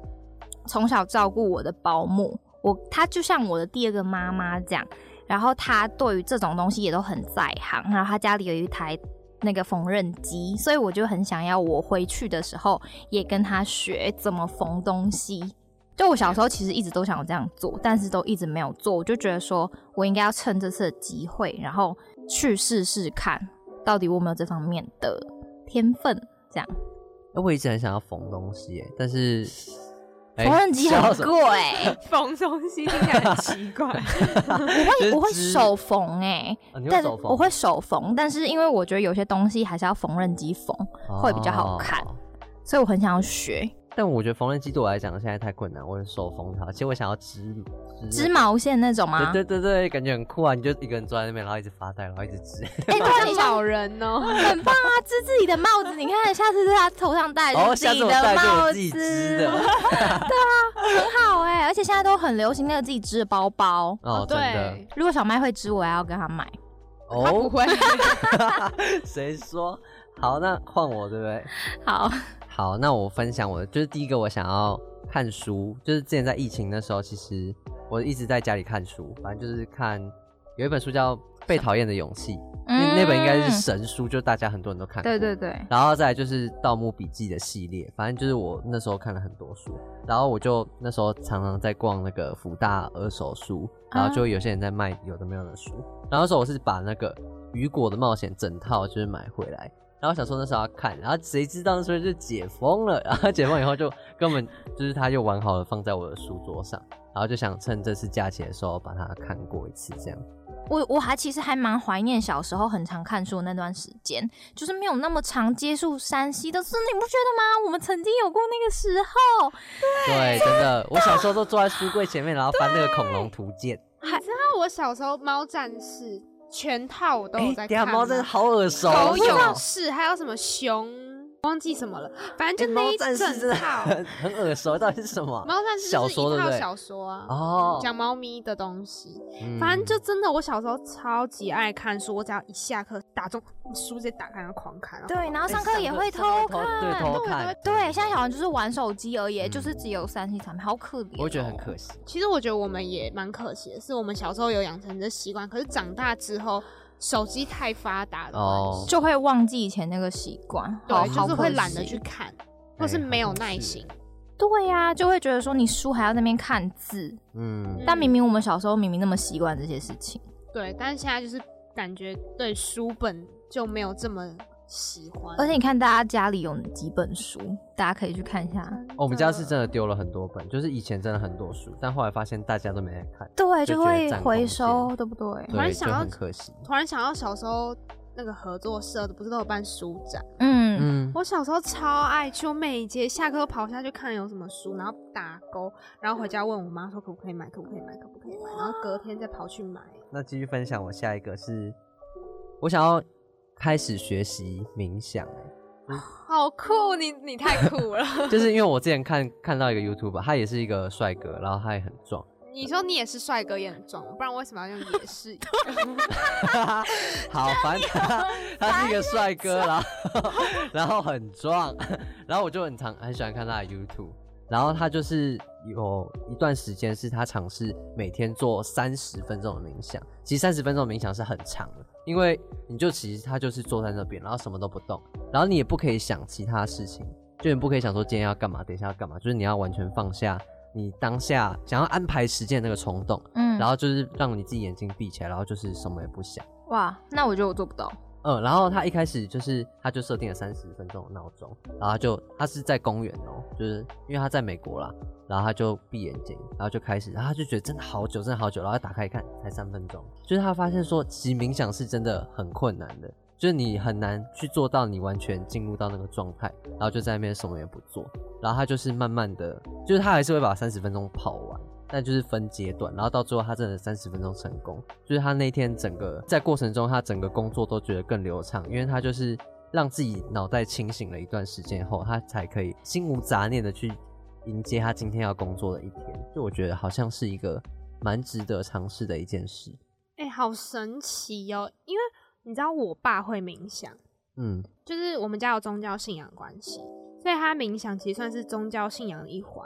從小照顧我的保姆，我她就像我的第二個媽媽這樣。然後她對於這種東西也都很在行。然後她家裡有一台那個縫紉機，所以我就很想要我回去的時候也跟她學怎麼縫東西。就我小時候其實一直都想要這樣做，但是都一直沒有做。我就覺得說我應該要趁這次的機會，然後去試試看，到底我沒有這方面的天分這樣。我一直很想要縫東西、欸，哎，但是縫紉機很貴，縫、欸欸、東西真的很奇怪。 我，就是、我會我、欸啊、會手縫，哎，但是我會手縫，但是因為我覺得有些東西還是要縫紉機縫會比較好看、哦，所以我很想要學。嗯但我覺得縫紉機對我來講現在太困難，我很受封條。其實我想要織織，織毛線那種嗎？對對對，感覺很酷啊！你就一個人坐在那邊，然後一直發呆，然後一直織，哎、 欸、像小人哦、喔，很棒啊！織自己的帽子， 你看下次在他頭上戴着自己的帽子，哦、我戴織的。 對啊，很好哎、欸！而且現在都很流行那個自己織的包包哦，對。如果小麥會織，我要跟他買。哦、他不會誰 說？好，那換我，對不對？好。好，那我分享我的，就是第一個我想要看書，就是之前在疫情的時候，其實我一直在家裡看書，反正就是看有一本書叫《被討厭的勇氣》，那本應該是神書，就大家很多人都看過、嗯。對對對。然後再來就是《盜墓筆記》的系列，反正就是我那時候看了很多書，然後我就那時候常常在逛那個福大二手書，然後就有些人在賣有的沒有的書，啊、然後那時候我是把那個雨果的冒險整套就是買回來。然後想說那時候要看，然後誰知道那時候就解封了，然後解封以後就根本就是它就完好地放在我的書桌上，然後就想趁這次假期的時候把它看過一次，這樣。我我還其實還蠻懷念小時候很常看書的那段時間，就是沒有那麼常接觸 3C 的事，你不覺得嗎？我們曾經有過那個時候對。對，真的，我小時候都坐在書櫃前面，然後翻那個恐龍圖鑑。還知道我小時候貓戰士。全套我都有在看。貓、欸、真的好耳熟，頭像是還有什麼熊。忘記什麼了？反正就那一整套、欸、真很很耳熟，到底是什麼？貓戰士是一套小說啊，哦，講貓咪的東西、嗯。反正就真的，我小時候超級愛看書，我只要一下課，打中書就打開狂看。對，然後上課也會偷看。欸、偷看偷對偷看我對現在小孩就是玩手機而已、嗯，就是只有 3C 產品，好可惜、啊。我覺得很可惜。其實我覺得我們也蠻可惜的，是我們小時候有養成這習慣，可是長大之後。手機太發達了，Oh. 就會忘記以前那個習慣，對好，就是會懶得去看、嗯，或是沒有耐心。嗯嗯、對呀、啊，就會覺得說你書還要那邊看字，嗯，但明明我們小時候明明那麼習慣這些事情，對，但是現在就是感覺對書本就沒有這麼。喜歡，而且你看，大家家裡有幾本書，大家可以去看一下。哦，我們家是真的丟了很多本，就是以前真的很多書，但後來發現大家都沒在看，對，就，就會回收，對不對？對，就很可惜。突然想到小時候那個合作社的，不是都有辦書展？嗯嗯。我小時候超愛去，我每節下課跑下去看有什麼書，然後打勾，然後回家問我媽說可不可以買，可不可以買，可不可以買，然後隔天再跑去買。那繼續分享，我下一個是我想要。開始學習冥想，好酷！你你太酷了。 就是因為我之前看看到一個 YouTube 吧，他也是一個帥哥，然後他也很壯。你說你也是帥哥也很壯，不然我為什麼要用也是？ 好煩。 他是一個帥哥 然，然後然後很壯，然後我就很常很喜歡看他的 YouTube。然後他就是有一段時間是他嘗試每天做三十分鐘的冥想，其實三十分鐘的冥想是很長的。因為你就其實他就是坐在那邊，然後什麼都不動，然後你也不可以想其他事情，就你不可以想說今天要幹嘛，等一下要幹嘛，就是你要完全放下你當下想要安排時間那個衝動，嗯，然後就是讓你自己眼睛閉起來，然後就是什麼也不想。哇，那我覺得我做不到。嗯，然後他一開始就是，他就設定了三十分鐘的鬧鐘，然後就他是在公園哦，就是因為他在美國啦，然後他就閉眼睛，然後就開始，然後他就覺得真的好久，真的好久，然後他打開一看才三分鐘，就是他發現說其實冥想是真的很困難的，就是你很難去做到你完全進入到那個狀態，然後就在那邊什麼也不做，然後他就是慢慢的，就是他還是會把三十分鐘跑完。但就是分階段，然後到最後他真的三十分鐘成功，就是他那天整個在過程中，他整個工作都覺得更流暢，因為他就是讓自己腦袋清醒了一段時間後，他才可以心無雜念的去迎接他今天要工作的一天。就我覺得好像是一個蠻值得嘗試的一件事。欸，好神奇哦！因為你知道我爸會冥想，嗯，就是我們家有宗教信仰關係，所以他冥想其實算是宗教信仰的一環。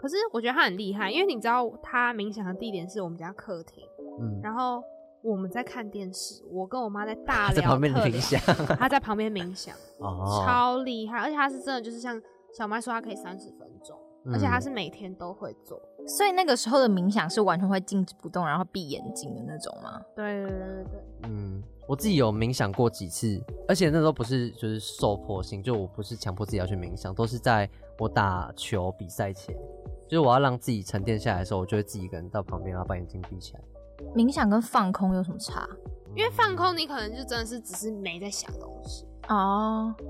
可是我覺得他很厲害，因為你知道他冥想的地點是我們家客廳，嗯，然後我們在看電視，我跟我媽在大聊冥想，特聊，他在旁邊冥想，冥想 超厲害，而且他是真的就是像小麥說，他可以三十分鐘，嗯，而且他是每天都會做，所以那個時候的冥想是完全會靜止不動，然後閉眼睛的那種嗎？對對對對，嗯，我自己有冥想過幾次，而且那時候不是就是受迫性，就我不是強迫自己要去冥想，都是在我打球比賽前。就是我要讓自己沉澱下來的時候，我就會自己一個人到旁邊，然後把眼睛閉起來。冥想跟放空有什麼差？因為放空你可能就真的是只是沒在想東西哦、嗯，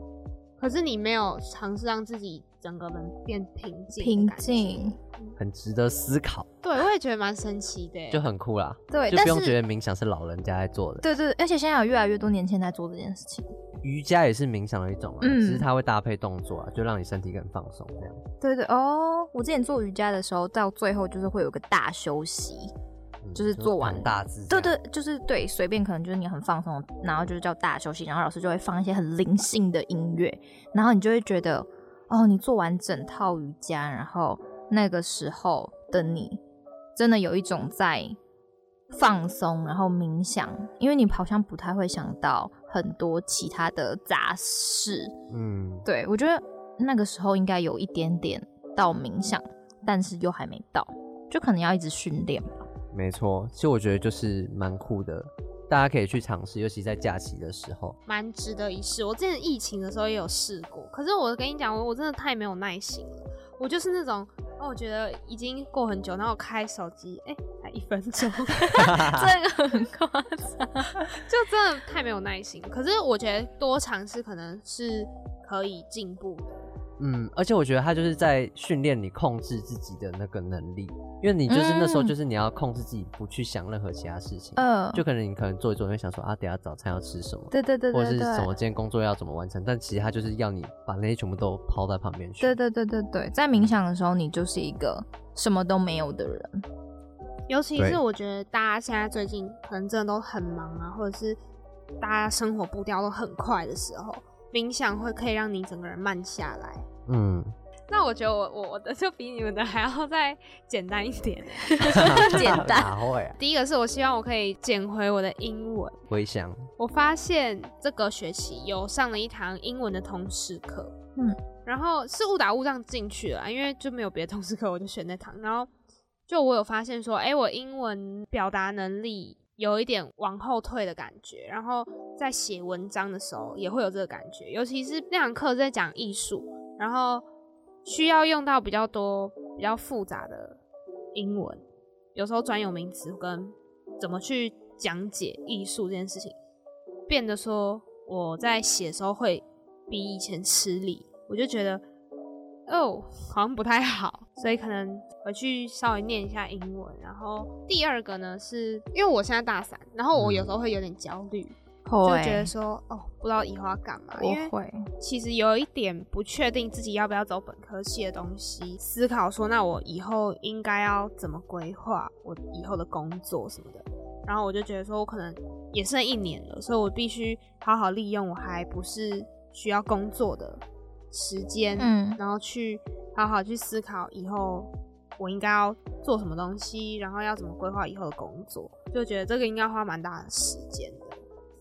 可是你沒有嘗試讓自己整個人變平靜。平靜，很值得思考。對，我也覺得蠻神奇的，就很酷啦。對，就不用覺得冥想是老人家在做的。對，對對，而且現在有越來越多年輕人在做這件事情。瑜伽也是冥想的一種啊，只、嗯、是它會搭配動作啊，就讓你身體更放鬆這樣。對對，對哦，我之前做瑜伽的時候，到最後就是會有個大休息，嗯、就是做完大字。對，對對，就是對，隨便可能就是你很放鬆，然後就是叫大休息、嗯，然後老師就會放一些很靈性的音樂，然後你就會覺得哦，你做完整套瑜伽，然後那個時候的你真的有一種在放鬆，然後冥想，因為你好像不太會想到很多其他的雜事。嗯，嗯，對，我覺得那個時候應該有一點點到冥想，但是又還沒到，就可能要一直訓練嘛。沒錯，其實我覺得就是蠻酷的，大家可以去嘗試，尤其在假期的時候，蠻值得一試。我之前疫情的時候也有試過，可是我跟你講，我我真的太沒有耐心了。我就是那種，哦，我覺得已經過很久，然後開手機，哎、欸，還一分鐘，這 個很誇張， 就真的太沒有耐心。可是我覺得多嘗試，可能是可以進步的。嗯，而且我覺得他就是在訓練你控制自己的那個能力，因為你就是那時候就是你要控制自己、嗯、不去想任何其他事情，嗯、呃，就可能你可能坐一坐，你會想說啊，等一下早餐要吃什麼，對對對、對、對，或者是什麼今天工作要怎麼完成對對對對，但其實他就是要你把那些全部都拋在旁邊去，對、對對對對對，在冥想的時候，你就是一個什麼都沒有的人，尤其是我覺得大家現在最近可能真的都很忙啊，或者是大家生活步調都很快的時候，冥想會可以讓你整個人慢下來。嗯，那我覺得我我我的就比你們的還要再簡單一點，嗯、 簡單、 哪會啊。第一個是我希望我可以撿回我的英文。回想，我發現這個學期有上了一堂英文的通識課，嗯，然後是誤打誤撞進去了、啊，因為就沒有別的通識課，我就選那堂。然後就我有發現說，哎、欸，我英文表達能力有一點往後退的感覺，然後在寫文章的時候也會有這個感覺，尤其是那堂課在講藝術。然後需要用到比較多、比較複雜的英文，有時候專有名詞跟怎麼去講解藝術這件事情，變得說我在寫的時候會比以前吃力，我就覺得哦，好像不太好，所以可能回去稍微念一下英文。然後第二個呢，是因為我現在大三，然後我有時候會有點焦慮。嗯就覺得說，哦，不知道以後要幹嘛，我會，其實有一點不確定自己要不要走本科系的東西，思考說，那我以後應該要怎麼規劃我以後的工作什麼的。然後我就覺得說，我可能也剩一年了，所以我必須好好利用我還不是需要工作的時間，嗯，然後去好好去思考以後我應該要做什麼東西，然後要怎麼規劃以後的工作，就覺得這個應該花蠻大的時間。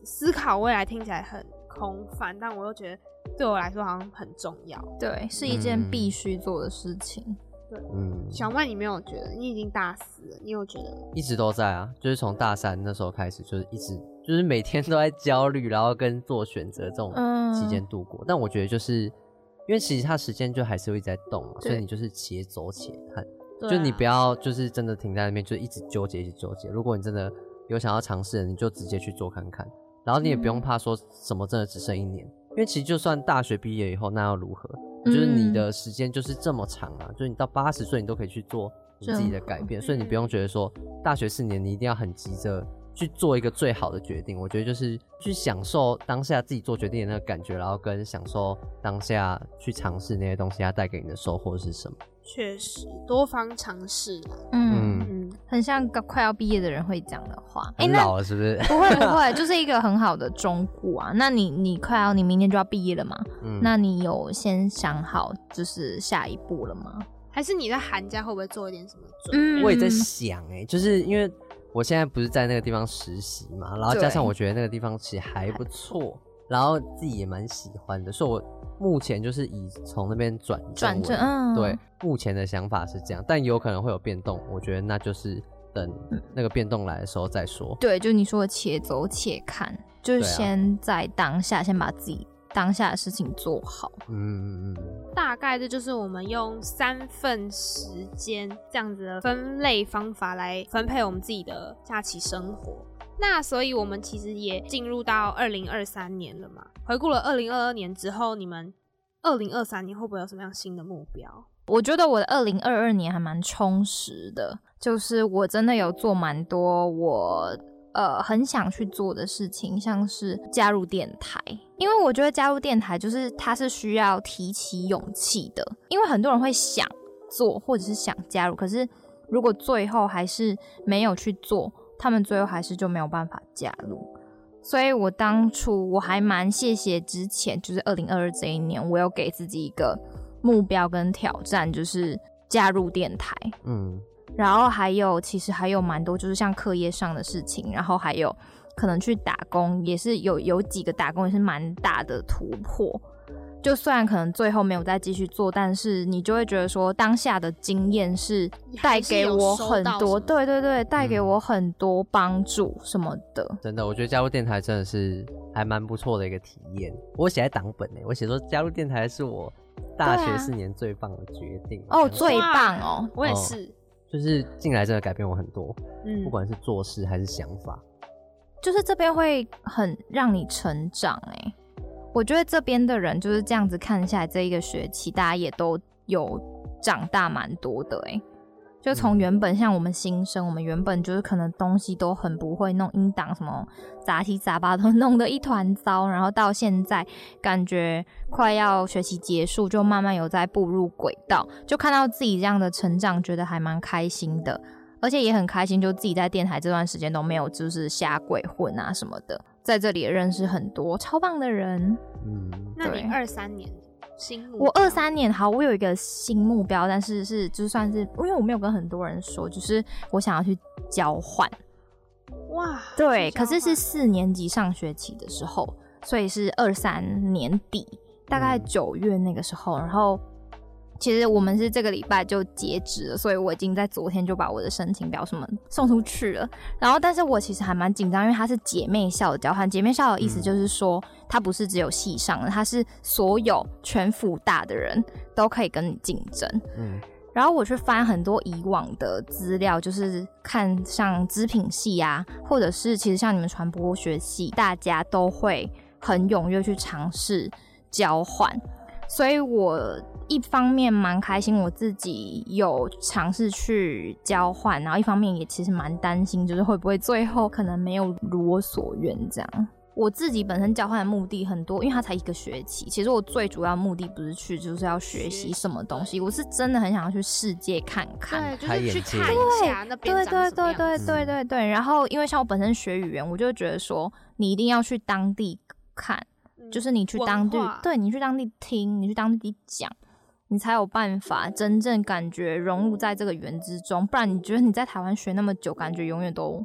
思考未來聽起來很空泛，但我又覺得對我來說好像很重要。對，是一件必須做的事情。嗯、對，嗯。小曼你沒有覺得？你已經大四了，你有覺得？一直都在啊，就是從大三那時候開始，就是一直就是每天都在焦慮，然後跟做選擇這種期間度過。嗯、但我覺得，就是因為其實他時間就還是會在動嘛，所以你就是且走且看，啊，就你不要就是真的停在那邊，就一直糾結，一直糾結。如果你真的有想要嘗試的，你就直接去做看看。然後你也不用怕說什麼，真的只剩一年，因為其實就算大學畢業以後，那要如何？就是你的時間就是這麼長啊，就是你到八十歲，你都可以去做你自己的改變。所以你不用覺得說大學四年你一定要很急着去做一個最好的決定。我覺得就是去享受當下自己做決定的那個感覺，然後跟享受當下去嘗試那些東西，它帶給你的收穫是什麼？確實，多方嘗試。嗯。很像快要畢業的人會講的話，老了是不是？不會 不會，就是一個很好的忠告啊。那你你快要你明年就要畢業了嗎、嗯？那你有先想好就是下一步了嗎？還是你在寒假會不會做一點什麼準備？嗯，我也在想哎、欸嗯，就是因為我現在不是在那個地方實習嘛，然後加上我覺得那個地方其實還不錯，然後自己也蠻喜歡的，所以我。目前就是已從那邊轉正，對，目前的想法是這樣，但有可能會有變動，我覺得那就是等那個變動來的時候再說。嗯、對，就你說的且走且看，就是先在當下、啊，先把自己當下的事情做好。嗯嗯嗯。大概這就是我們用三份時間這樣子的分類方法來分配我們自己的假期生活。那所以，我們其實也進入到二零二三年了嘛。回顧了二零二二年之後，你們二零二三年會不會有什麼樣新的目標？我覺得我的二零二二年還蠻充實的，就是我真的有做蠻多我呃很想去做的事情，像是加入電台，因為我覺得加入電台就是它是需要提起勇氣的，因為很多人會想做或者是想加入，可是如果最後還是沒有去做。他們最後還是就沒有辦法加入，所以我當初我還蠻謝謝之前，就是二零二二這一年，我有給自己一個目標跟挑戰，就是加入電台，嗯，然後還有其實還有蠻多，就是像課業上的事情，然後還有可能去打工，也是有有幾個打工也是蠻大的突破。就雖然可能最後沒有再繼續做，但是你就會覺得說，當下的經驗是帶給我很多，對對對，帶給我很多幫助什麼的、嗯。真的，我覺得加入電台真的是還蠻不錯的一個體驗。我寫在檔本誒、欸，我寫說加入電台是我大學四年最棒的決定。啊、哦，最棒哦、喔嗯，我也是。就是進來真的改變我很多，嗯，不管是做事還是想法，就是這邊會很讓你成長誒、欸。我覺得這邊的人就是這樣子看下來，這一個學期大家也都有長大蠻多的、欸、就從原本像我們新生，我們原本就是可能東西都很不會弄音檔，什麼雜七雜八都弄得一團糟，然後到現在感覺快要學期結束，就慢慢有在步入軌道，就看到自己這樣的成長，覺得還蠻開心的，而且也很開心，就自己在電台這段時間都沒有就是瞎鬼混啊什麼的。在這裡也認識很多超棒的人。嗯，那你二三年，新目標我二三年好，我有一個新目標，但是是就算是因為我沒有跟很多人說，就是我想要去交換。哇，對，可是是四年級上學期的時候，所以是二三年底，大概九月那個時候，嗯，然後。其實我們是這個禮拜就截止了，所以我已經在昨天就把我的申請表什麼送出去了。然後，但是我其實還蠻緊張，因為它是姐妹校的交換。姐妹校的意思就是說，它、嗯、不是只有系上的，它是所有全輔大的人都可以跟你競爭。嗯。然後我去翻很多以往的資料，就是看像織品系啊，或者是其實像你們傳播學系，大家都會很踴躍去嘗試交換。所以，我一方面蠻開心，我自己有嘗試去交換，然後一方面也其實蠻擔心，就是會不會最後可能沒有如我所願這樣。我自己本身交換的目的很多，因為它才一個學期，其實我最主要的目的不是去，就是要學習什麼東西。我是真的很想要去世界看看，對，就是去看一下那邊對，對對對對對對對。然後，因為像我本身學語言，我就覺得說，你一定要去當地看。就是你去當地，對，你去當地聽，你去當地講，你才有辦法真正感覺融入在這個園之中。不然你覺得你在台灣學那麼久，感覺永遠都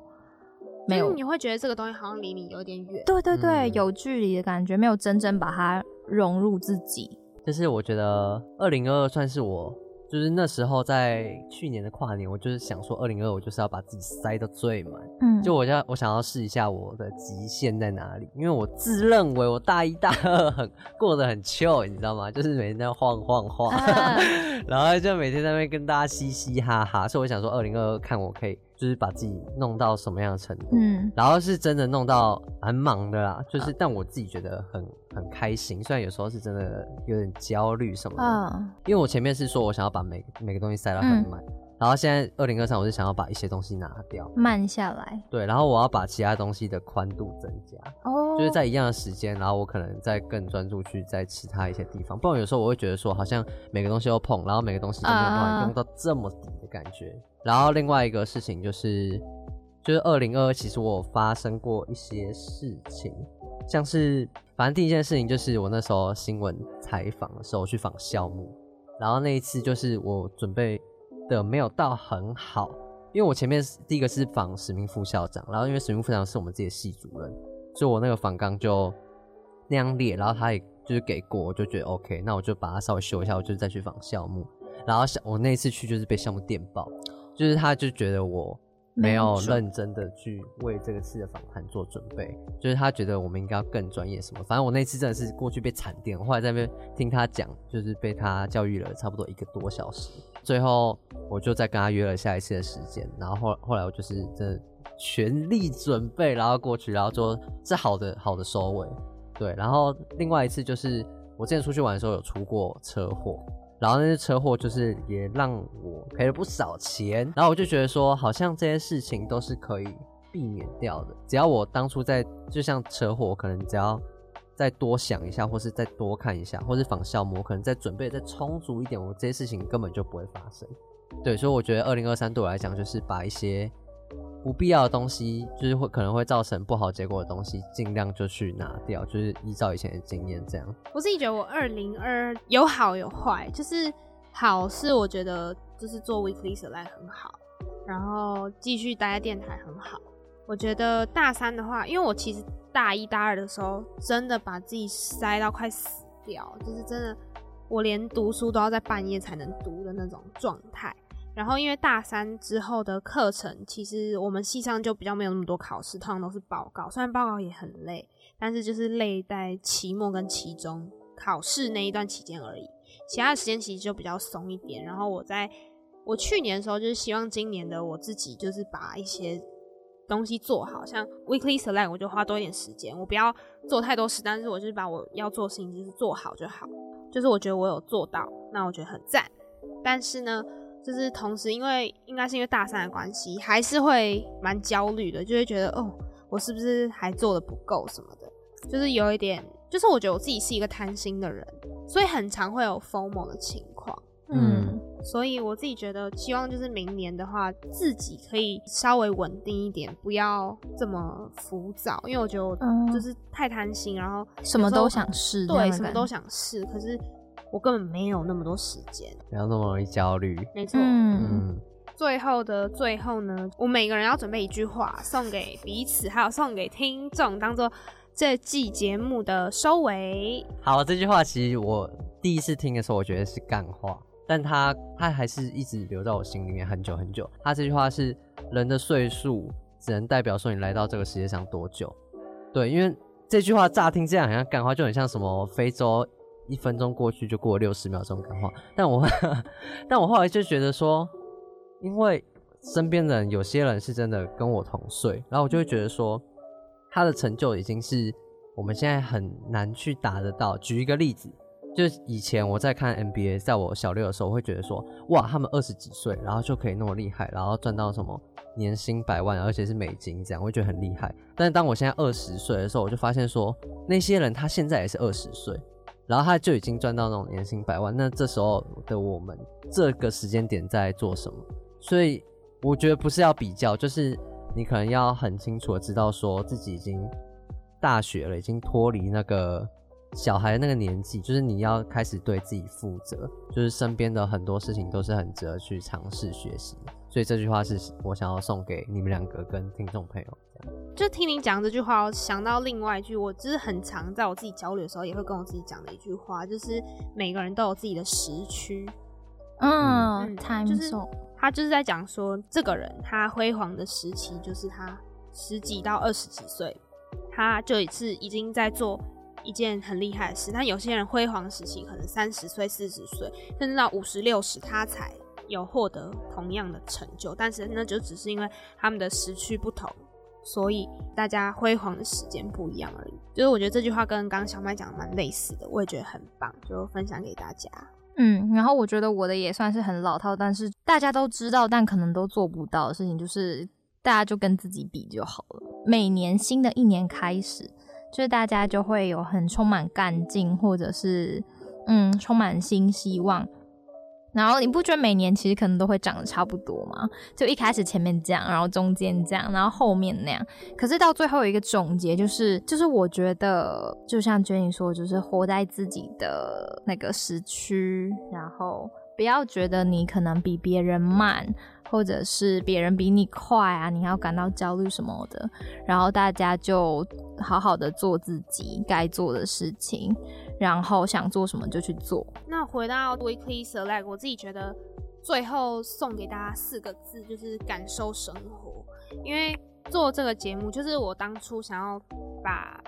沒有。你會覺得這個東西好像離你有點遠。對對對，嗯、有距離的感覺，沒有真正把它融入自己。就是我覺得2022算是我。就是那時候在去年的跨年，我就是想說二零二，我就是要把自己塞到最滿。嗯，就我要我想要試一下我的極限在哪裡，因為我自認為我大一大二很過得很 chill，你知道嗎？就是每天在晃晃晃，啊、 然後就每天在那邊跟大家嘻嘻哈哈。所以我想說二零二二，看我可以就是把自己弄到什麼樣的程度。嗯，然後是真的弄到很忙的啦，就是、啊、但我自己覺得很。很開心，雖然有時候是真的有點焦慮什麼的，oh. 因為我前面是說我想要把每每個東西塞到很滿，嗯，然後現在二零二三我是想要把一些東西拿掉，慢下來，對，然後我要把其他東西的寬度增加，哦、oh.，就是在一樣的時間，然後我可能再更專注去在其他一些地方，不然有時候我會覺得說好像每個東西都碰，然後每個東西都沒有辦法用到這麼底的感覺。Uh. 然後另外一個事情就是，就是二零二二，其實我有發生過一些事情，像是。反正第一件事情就是我那時候新聞採訪的時候我去訪校牧，然後那一次就是我準備的沒有到很好，因為我前面第一個是訪史明副校長，然後因為史明副校長是我們自己的系主任，所以我那個訪綱就那樣列，然後他也就是給過，我就覺得 OK，那我就把它稍微修一下，我就再去訪校牧，然後我那一次去就是被校牧電爆，就是他就覺得我。沒有認真的去為這個次的訪談做準備，就是他覺得我們應該要更專業什麼。反正我那次真的是過去被慘電，後來在那邊聽他講，就是被他教育了差不多一個多小時。最後我就再跟他約了下一次的時間，然後後來我就是真的全力準備，然後過去，然後做最好的好的收尾。對，然後另外一次就是我之前出去玩的時候有出過車禍。然後那些車禍就是也讓我賠了不少錢，然後我就覺得說，好像這些事情都是可以避免掉的，只要我當初在，就像車禍，我可能只要再多想一下，或是再多看一下，或是仿效模，可能再準備再充足一點，我這些事情根本就不會發生。對，所以我覺得二零二三對我來講就是把一些，不必要的東西，就是會可能會造成不好結果的東西，盡量就去拿掉。就是依照以前的經驗，這樣。我自己覺得我二零二二有好有壞，就是好是我覺得就是做 Weekly Select 很好，然後繼續待在電台很好。我覺得大三的話，因為我其實大一、大二的時候真的把自己塞到快死掉，就是真的我連讀書都要在半夜才能讀的那種狀態。然後，因為大三之後的課程，其實我們系上就比較沒有那麼多考試，通常都是報告。雖然報告也很累，但是就是累在期末跟期中考試那一段期間而已，其他的時間其實就比較鬆一點。然後我在我去年的時候，就是希望今年的我自己就是把一些東西做好，像 Weekly Select 我就花多一點時間，我不要做太多事，但是我就是把我要做的事情就是做好就好。就是我覺得我有做到，那我覺得很讚。但是呢，就是同時，因為應該是因為大三的關係，還是會蠻焦慮的，就會覺得哦，我是不是還做得不夠什麼的？就是有一點，就是我覺得我自己是一個貪心的人，所以很常會有瘋魔的情況。嗯，所以我自己覺得，希望就是明年的話，自己可以稍微穩定一點，不要這麼浮躁，因為我覺得我就是太貪心、嗯，然後什麼都想試，對，什麼都想試、嗯，可是。我根本沒有那麼多時間，不要那麼容易焦慮。沒錯，嗯，最後的最後呢，我每個人要準備一句話送給彼此，還有送給聽眾，當做這季節目的收尾。好，這句話其實我第一次聽的時候，我覺得是幹話，但他他還是一直留在我心裡面很久很久。他這句話是人的歲數只能代表說你來到這個世界上多久，對，因為這句話乍聽這樣好像幹話，就很像什麼非洲。一分鐘過去就過了六十秒鐘感化，但我， 但我後來就覺得說，因為身邊的人有些人是真的跟我同歲，然後我就會覺得說，他的成就已經是我們現在很難去達得到。舉一個例子，就以前我在看 NBA，在我小六的時候，我會覺得說，哇，他們二十幾歲，然後就可以那麼厲害，然後賺到什麼年薪百萬，而且是美金這樣，我會覺得很厲害。但是當我現在二十歲的時候，我就發現說，那些人他現在也是二十歲。然後他就已經賺到那種年薪百萬，那這時候的我們這個時間點在做什麼？所以我覺得不是要比較，就是你可能要很清楚的知道說自己已經大學了，已經脫離那個小孩的那個年紀，就是你要開始對自己負責，就是身邊的很多事情都是很值得去嘗試學習。所以這句話是我想要送給你們兩個跟聽眾朋友。就聽你講這句話，我想到另外一句，我就是很常在我自己焦慮的時候也會跟我自己講的一句話，就是每個人都有自己的時區。嗯，嗯嗯嗯，就是他就是在講說，這個人他輝煌的時期就是他十幾到二十幾歲，他就也是已經在做一件很厲害的事。但有些人輝煌時期可能三十歲、四十歲，甚至到五十六十，他才有獲得同樣的成就。但是那就只是因為他們的時區不同。所以大家輝煌的時間不一樣而已，就是我覺得這句話跟剛剛小麥講的蠻類似的，我也覺得很棒，就分享給大家。嗯，然後我覺得我的也算是很老套，但是大家都知道，但可能都做不到的事情，就是大家就跟自己比就好了。每年新的一年開始，就是大家就會有很充滿幹勁，或者是，嗯，充滿新希望。然後你不覺得每年其實可能都會長得差不多嗎？就一開始前面這樣，然後中間這樣，然後後面那樣。可是到最後有一個總結，就是就是我覺得，就像娟妮說，就是活在自己的那個時區，然後。不要覺得你可能比別人慢，或者是別人比你快啊，你要感到焦慮什麼的。然後大家就好好的做自己該做的事情，然後想做什麼就去做。那回到 Weekly Select，我自己覺得最後送給大家四個字，就是感受生活。因為做這個節目，就是我當初想要把。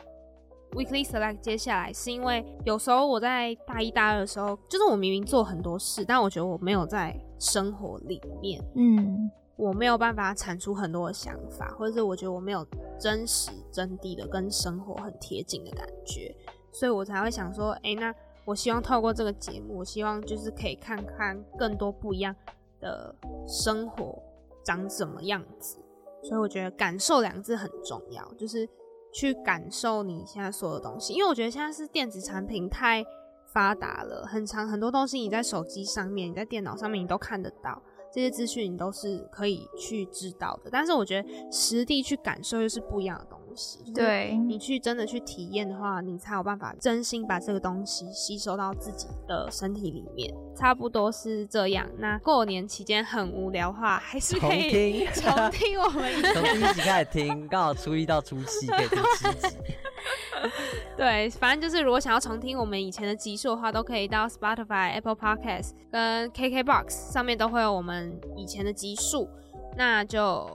Weekly Select 接下來，是因為有時候我在大一大二的時候，就是我明明做很多事，但我覺得我沒有在生活裡面，嗯，我沒有辦法產出很多的想法，或者是我覺得我沒有真實真諦的跟生活很貼近的感覺，所以我才會想說，誒、欸，那我希望透過這個節目，我希望就是可以看看更多不一樣的生活長什麼樣子，所以我覺得感受兩個字很重要，就是。去感受你現在所有的東西，因為我覺得現在是電子產品太發達了，很常很多東西你在手機上面，你在電腦上面你都看得到，這些資訊你都是可以去知道的。但是我覺得實地去感受又是不一樣的。對，你去真的去體驗的話，你才有辦法真心把這個東西吸收到自己的身體裡面，差不多是這樣。那過年期間很無聊的話，還是可以重聽。 重聽我們從第一集開始聽，剛好初一到初七可以聽七集。對，反正就是如果想要重聽我們以前的集數的話，都可以到 Spotify、Apple Podcasts 跟 KKBOX 上面都會有我們以前的集數。那就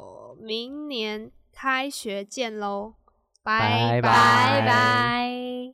明年開學見嘍，拜拜拜。